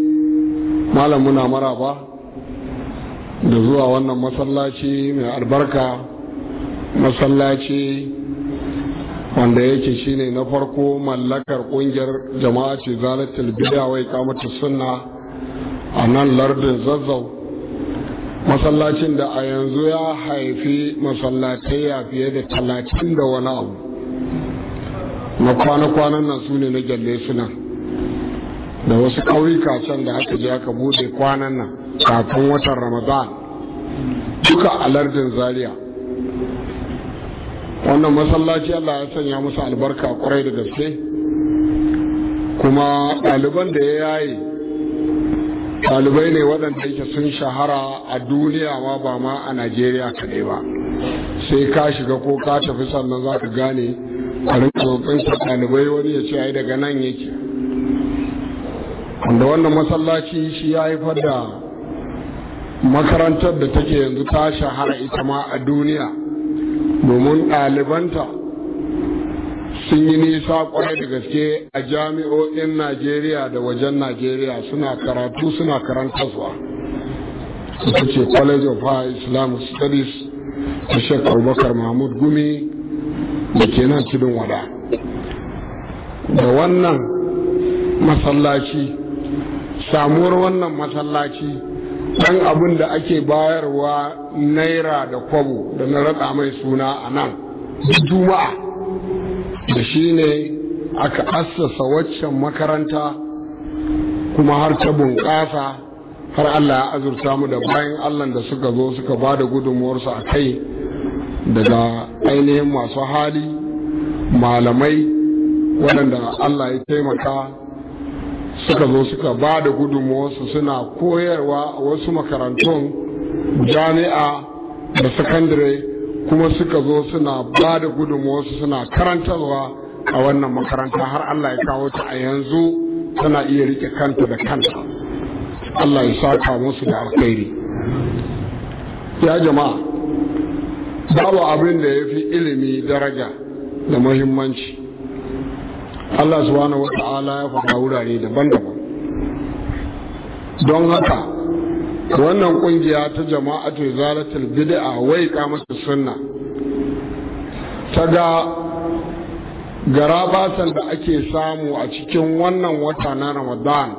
malam muna maraba da zuwa wannan masallaci mai albarka masallaci wanda yake shine na farko mallakar kungiyar jama'a ce zalatul bida wai kamata sunna a nan lardin zazzau masallacin da a yanzu ya haifi masallatayya fiye da talatin da wani abu na kwana-kwanan nan su ne na gyalle suna da wasu ƙauyuka can da aka je aka bude kwanan nan kafin watan ramadan duka a lardin zaria wannan masallaci allah ya sanya musu albarka kwarai da gaske kuma ɗaliban da ya yaye ɗalibai ne waɗanda yake sun shahara a duniya ma ba ma a najeriya kaɗai ba sai ka shiga ko ka tafi sannan za ka gane a rinka ɗalibai wani ya ce ai daga nan yake wanda wannan masallaci shi ya haifar da makarantar da take yanzu ta shahara ita ma a duniya domin ɗalibanta sun yi nisa kwarai da gaske a jami'o'in najeriya da wajen najeriya suna karatu suna karantarwa ita ce college of high islamic studies ta shekaru abubakar mahmud gumi da ke nan cikin wada da wannan masallaci samuwar wannan masallaci ɗan abin da ake bayarwa naira da kwabo da na raɗa mai suna a nan juma'a da shi ne aka assasa waccan makaranta kuma har ta bunƙasa har Allah ya azurta mu da bayan Allah da suka zo suka ba da gudunmuwarsu a kai daga ainihin masu hali malamai waɗanda Allah ya taimaka suka zo suka ba da gudunmuwarsu suna koyarwa a wasu makarantun jami'a da sakandare kuma suka zo suna ba da gudunmawarsu suna karantarwa a wannan makaranta har Allah ya kawo ta a yanzu tana iya rike kanta da kanta Allah ya saka musu da alkhairi ya jama'a babu abin da ya fi ilimi daraja da muhimmanci Allah subhanahu wa ta'ala ya faɗa wurare daban-daban don haka wannan kungiya ta jama'a jama'atu zalatul bid'a wai ka masa sunna ta ga garabatan da ake samu a cikin wannan wata na ramadan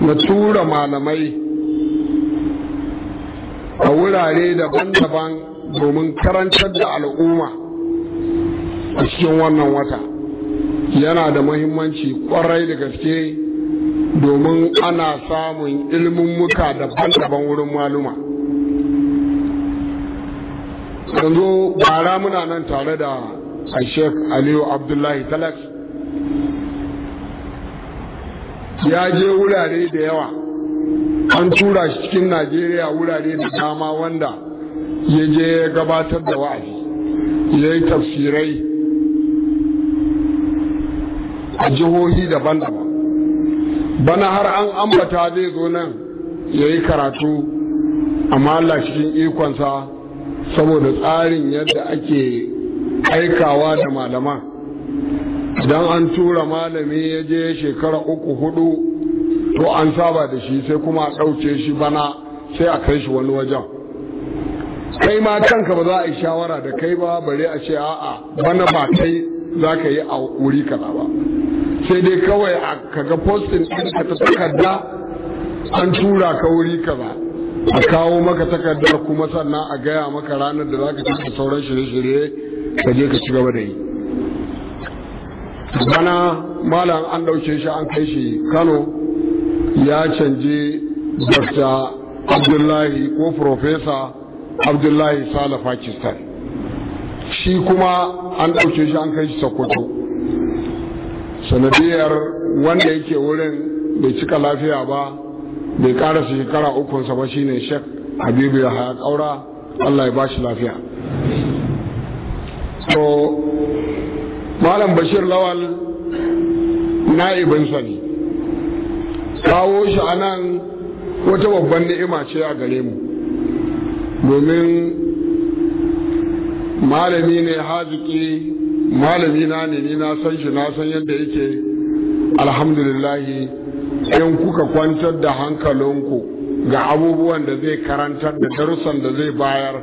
na tura malamai a wurare daban-daban domin karantar da al'umma a cikin wannan wata yana da mahimmanci kwarai da gaske domin ana samun ilmummuka daban-daban wurin maluma yanzu bara muna nan tare da sheikh aliyu abdullahi Talak ya je wurare da yawa an tura shi cikin najeriya wurare da dama wanda ya je gabatar da wa'azi ya yi tafsirai a jihohi daban-daban bana har an ambata zai zo nan ya yi karatu a Allah cikin ikonsa saboda tsarin yadda ake aikawa da malama idan an tura malami ya je shekara uku hudu to an saba da shi sai kuma a ɗauke shi bana sai a kai shi wani wajen kai ma kanka ba za a yi shawara da kai ba bare a ce a'a bana ba kai za ka yi a wuri kaza ba sai dai kawai a kaga postin ɗin ka ta takarda an tura ka wuri a kawo maka takardar kuma sannan a gaya maka ranar da za ka sauran shirye-shirye ka je ka ci gaba da yi bana malam an ɗauke shi an kai shi kano ya canje dr abdullahi ko profesa abdullahi sala pakistan shi kuma an ɗauke shi an kai shi sokoto sanadiyar wanda yake wurin bai cika lafiya ba bai karasa shekara ukunsa ba shine shek habibu ya haya kaura allah ya bashi lafiya so malam bashir lawal na'ibinsa ne kawo shi a nan wata babban ni'ima ce a gare mu domin malami ne haziki Malamina na ne ni na san shi na san yadda yake alhamdulillahi in kuka kwantar da hankalinku ga abubuwan da zai karantar da darussan da zai bayar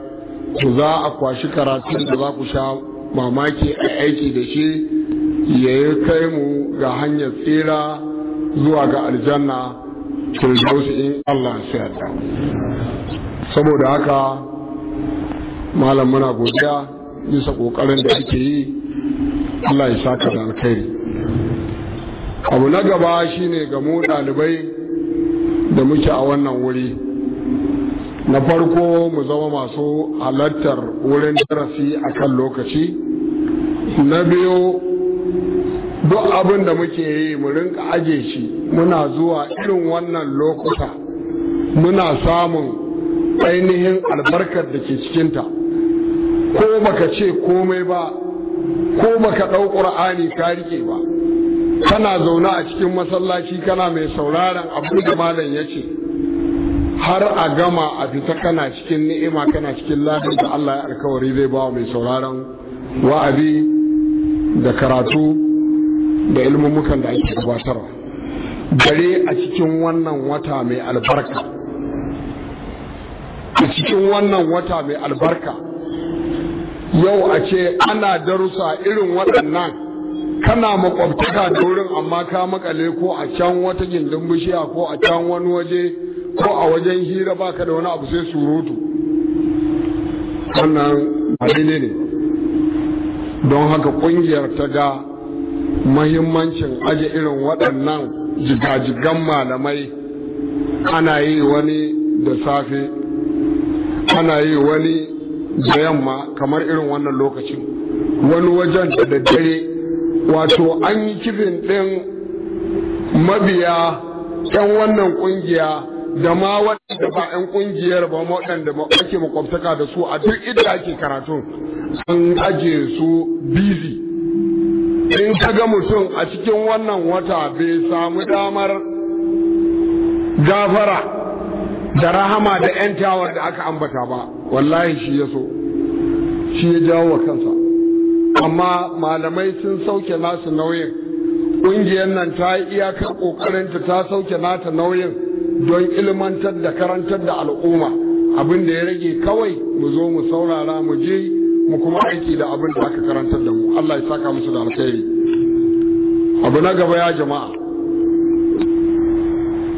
to za a kwashi karatun da za ku sha mamaki a aiki da shi ya yi kai mu ga hanyar tsira zuwa ga aljanna firdausi in Allah ya saboda haka malam muna godiya bisa kokarin da ake yi Allah ya saka da alkhairi abu na gaba shine ga mu ɗalibai da muke a wannan wuri na farko mu zama masu halartar wurin darasi a kan lokaci na biyu duk abin da muke yi mu rinka aje shi muna zuwa irin wannan lokuta muna samun ainihin albarkar da ke cikinta ko baka ce komai ba ko baka ɗau ƙur'ani ka rike ba kana zaune a cikin masallaci kana mai sauraron abu da malam ya ce har a gama a fita kana cikin ni'ima kana cikin lafiya da Allah ya alkawari zai ba mai sauraron wa'azi da karatu da ilmumukan da ake gabatarwa Gare a cikin wannan wata mai albarka a cikin wannan wata mai albarka yau a ce ana darusa irin waɗannan kana makwabtaka da wurin amma ka makale ko a can wata gindin bishiya ko a can wani waje ko a wajen hira baka da wani abu sai surutu wannan halile ne don haka ƙungiyar ta ga mahimmancin aje irin waɗannan jigajigan malamai ana yi wani da safe ana yi wani da yamma kamar irin wannan lokacin wani wajen da daddare wato an yi kifin ɗin mabiya 'yan wannan ƙungiya da ma waɗanda ba 'yan ƙungiyar ba waɗanda ake makwabtaka da su a duk inda ake karatu an aje su bizi in ka ga mutum a cikin wannan wata bai samu damar gafara da rahama da tawar da aka ambata ba wallahi shi ya so shi ya jawo wa kansa amma malamai sun sauke nasu nauyin ƙungiyar nan ta yi iyakar ƙoƙarinta ta sauke nata nauyin don ilmantar da karantar da al'umma abin da ya rage kawai mu zo mu saurara mu je mu kuma aiki da abin da aka karantar da mu Allah ya saka musu da alkhairi abu na gaba ya jama'a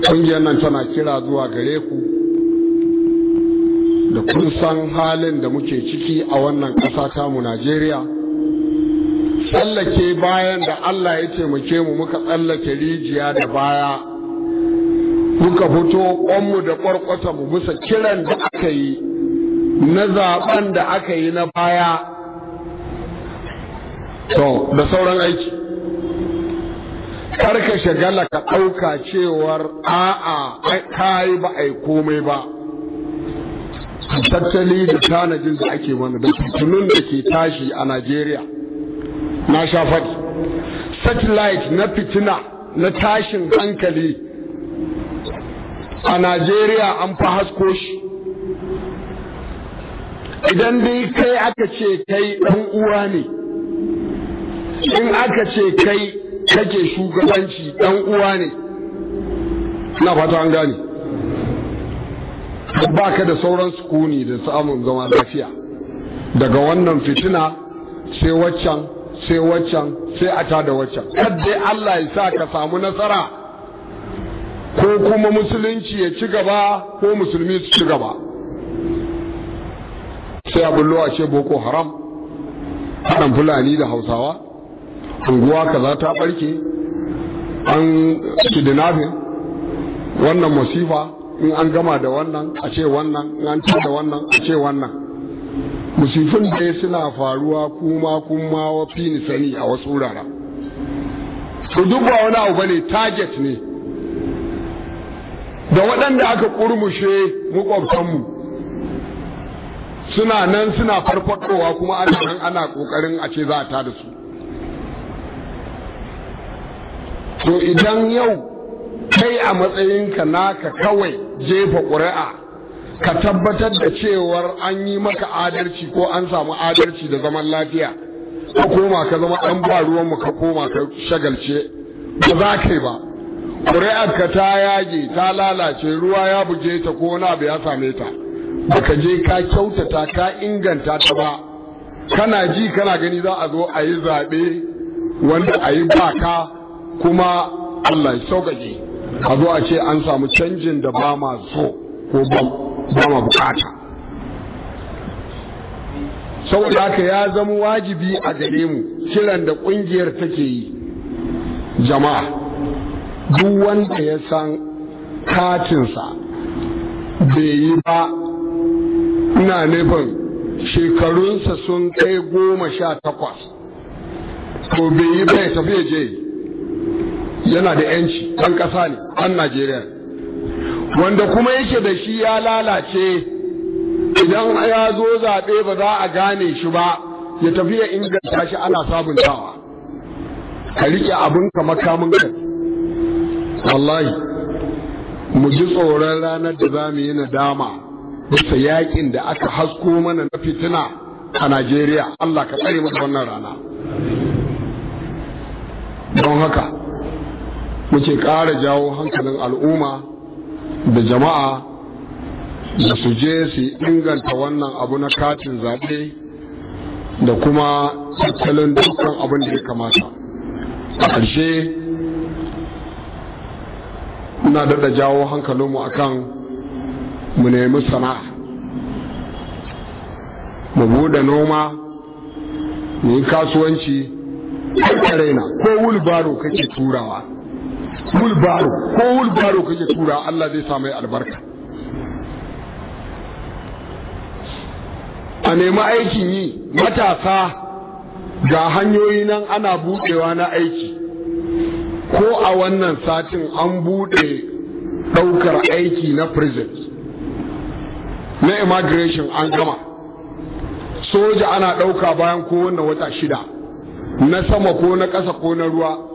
ƙungiyar nan tana kira zuwa gare ku da kun san halin da muke ciki a wannan ƙasa tamu najeriya tsallake bayan da allah ya taimake mu muka tsallake rijiya da baya muka fito ƙwanmu da ƙwarƙwata mu bisa kiran da aka yi na zaɓen da aka yi na baya to da sauran aiki karka shagala ka ɗauka cewar a'a ka yi ba a yi komai ba tattali da tanajin da ake mana da da ke tashi a najeriya na sha faɗi satellite na fitina na tashin hankali a najeriya an fa hasko shi idan dai kai aka ce kai ɗan uwa ne in aka ce kai kake shugabanci dan uwa ne na fata an gane ba ka da sauran sukuni da samun zama lafiya daga wannan fitina sai waccan sai waccan sai a ta da waccan kadai Allah ya sa ka samu nasara ko kuma musulunci ya ci gaba ko musulmi su ci gaba sai abin a ce boko haram haɗin fulani da hausawa unguwa kaza ta barke an kidnapping wannan masifa in an gama da wannan a ce wannan in an da wannan a ce wannan musifin ya suna faruwa kuma kuma wa fi sani a wasu wurare su duk ba wani abu bane target ne da waɗanda aka ƙurmushe makwabtanmu suna nan suna farfakowa kuma ana nan ana ƙoƙarin a ce za a ta da su to idan yau kai a matsayinka naka kawai jefa ƙuri'a ka tabbatar da cewar an yi maka adalci ko an samu adalci da zaman lafiya ka koma ka zama ɗan ba ruwanmu ka koma ka shagalce ba za ka yi ba ƙuri'arka ta yage ta lalace ruwa ya buge ta ko wani abu ya same ta baka je ka kyautata ka inganta ta ba kana ji kana gani za a zo a yi zaɓe wanda a yi baka kuma Allah ya sauƙaƙe a zo ce an samu canjin da ba ma so ko ba ma bukata saboda haka ya zama wajibi a gare mu kiran da ƙungiyar take yi jama'a duk wanda ya san katinsa bai yi ba ina nufin shekarunsa sun kai goma sha takwas to bai yi bai tafiya je yana da yanci ɗan ƙasa ne ɗan najeriya wanda kuma yake da shi ya lalace idan ya zo zaɓe ba za a gane shi ba ya tafi ya inganta shi ana sabuntawa ka riƙe ka makamin kai wallahi mu ji tsoron ranar da za mu yi nadama bisa yaƙin da aka hasko mana na fitina a najeriya allah ka tsare mata wannan rana don haka muke ƙara jawo hankalin al'umma da jama'a da su je su inganta wannan abu na katin zaɓe da kuma tattalin dukkan abin da ya kamata a ƙarshe na daɗa jawo hankalinmu akan mu nemi sana'a mu buɗe noma mu yi kasuwanci raina ko wulbaro kake turawa wulbaro ko wulbaro kake tura Allah zai sa mai albarka a nemi aikin yi matasa ga hanyoyi nan ana buɗewa na aiki ko a wannan satin an buɗe ɗaukar aiki na prisons na immigration an gama soja ana ɗauka bayan kowane wata shida na sama ko na ƙasa ko na ruwa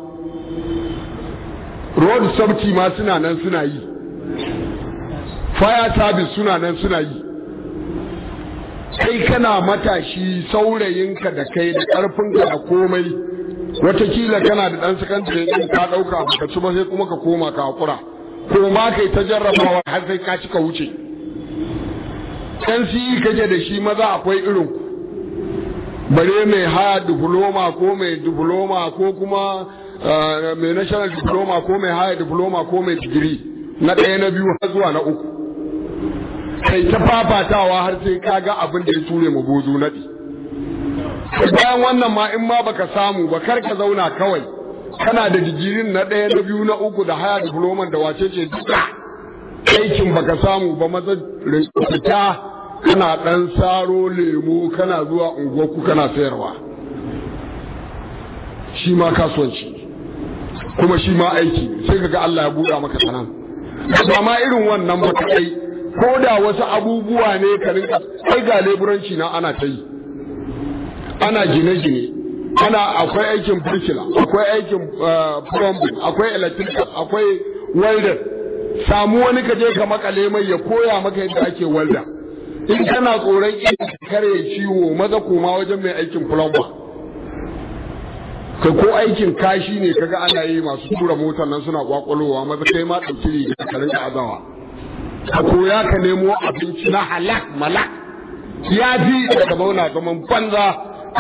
road safety ma suna nan suna yi fire service suna nan suna yi kai kana matashi saurayinka da kai da ƙarfinka da komai watakila kana da ɗan sakandare ɗin ka ɗauka ka ci ba sai kuma ka koma ka hakura ko ma kai ta jarrabawa har sai ka ci wuce ɗan siyi kake da shi maza akwai irin bare mai haya diploma ko mai diploma ko kuma Eh, mai national diploma ko mai higher diploma ko mai digiri na ɗaya na biyu har zuwa na uku kai ta fafatawa har sai ka ga abin da ya ture mu bozo naɗi bayan wannan ma in ma baka samu ba kar ka zauna kawai kana da digirin na ɗaya na biyu na uku da haya diploma da wace ce duka aikin baka samu ba maza fita kana ɗan saro lemo kana zuwa unguwarku kana sayarwa shi ma kasuwanci kuma shi ma aiki sai kaga Allah ya buɗa maka sanan ba ma irin wannan ba kai ko da wasu abubuwa ne ka rinka kai ga leburanci na ana ta yi ana gine-gine ana akwai aikin burkila akwai aikin eh, plumbing akwai electrical akwai welder samu wani ka je ka makale mai ya koya maka yadda ake welder in kana tsoron irin kare ciwo maza koma wajen mai aikin plumber kai ko aikin kashi ne kaga ana yi masu tura motar nan suna kwakwalowa maza kai ma ɗauki riga ka rinka azawa ka koya ka nemo abinci na halak malak ya ji daga mauna zaman banza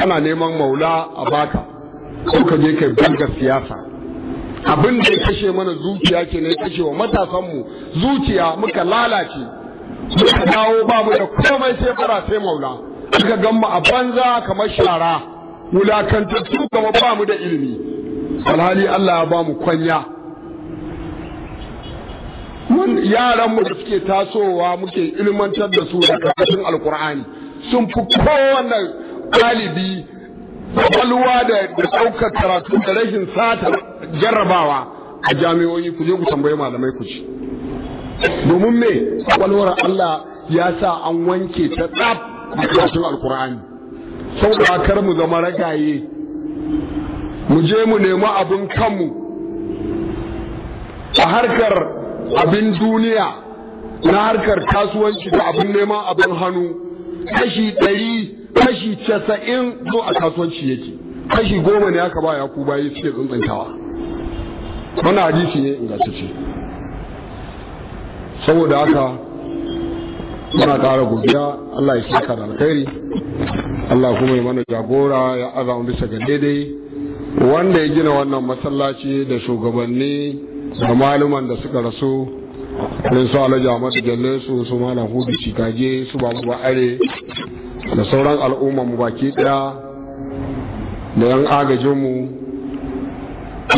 ana neman maula a baka ko ka je kai banga siyasa abin da ya kashe mana zuciya ke ne kashe wa matasanmu zuciya muka lalace muka dawo ba mu da komai sai fara sai maula suka gan a banza kamar shara wulakantattu kuma ba mu da ilimi alhali Allah ya ba mu kwanya mun yaran mu da suke tasowa muke ilmantar da su da cikin alkur'ani sun fi kowanne ɗalibi kwakwalwa da ɗaukar karatu da rashin sata jarrabawa a jami'o'i ku je ku tambayi malamai ku ci domin me kwakwalwar Allah ya sa an wanke ta tsaf a karatun alkur'ani da kar mu zama ragaye mu je mu nemi abin kanmu a harkar abin duniya na harkar kasuwanci da abin neman abin hannu kashi ɗari kashi casa'in zo a kasuwanci yake kashi goma ne aka ba ya ku bayi suke tsuntsuntawa wani hadisi ne ce saboda haka muna ƙara godiya Allah ya saka da alkhairi Allah kuma ya mana jagora ya azamu bisa ga daidai wanda ya gina wannan masallaci da shugabanni da maluman da suka rasu irin su alhaji ahmadu jalle su su malam hudu shikage su babu are da sauran al'ummar mu baki ɗaya da yan agajinmu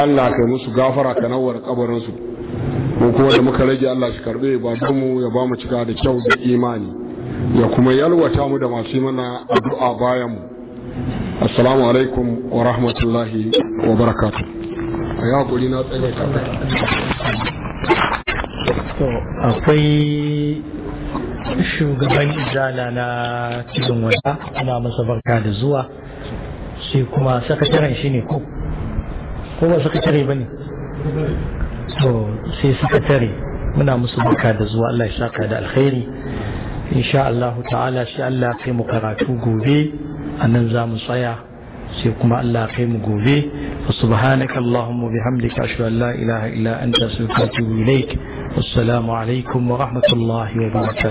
Allah kai musu gafara kanawar ƙabarinsu. kabarinsu mu kuma da muka rage Allah shi karbe ba don mu ya ba mu cika da kyau da imani ya kuma yalwata mu da masu mana addu'a bayan mu assalamu alaikum wa rahmatullahi wa barakatuh a yi na tsaye to akwai shugaban izala na cikin wata ana masa barka da zuwa sai kuma sakataren shi ne ko ba sakatare ba ne so sai suka tare muna musu barka da zuwa Allah ya saka da alkhairi insha Allah ta'ala shi Allah kai mu karatu gobe anan za mu tsaya sai kuma Allah kai mu gobe wa allahumma bihamdika ashhadu an la ilaha illa anta astaghfiruka wa atubu ilaik wassalamu alaikum wa rahmatullahi wa barakatuh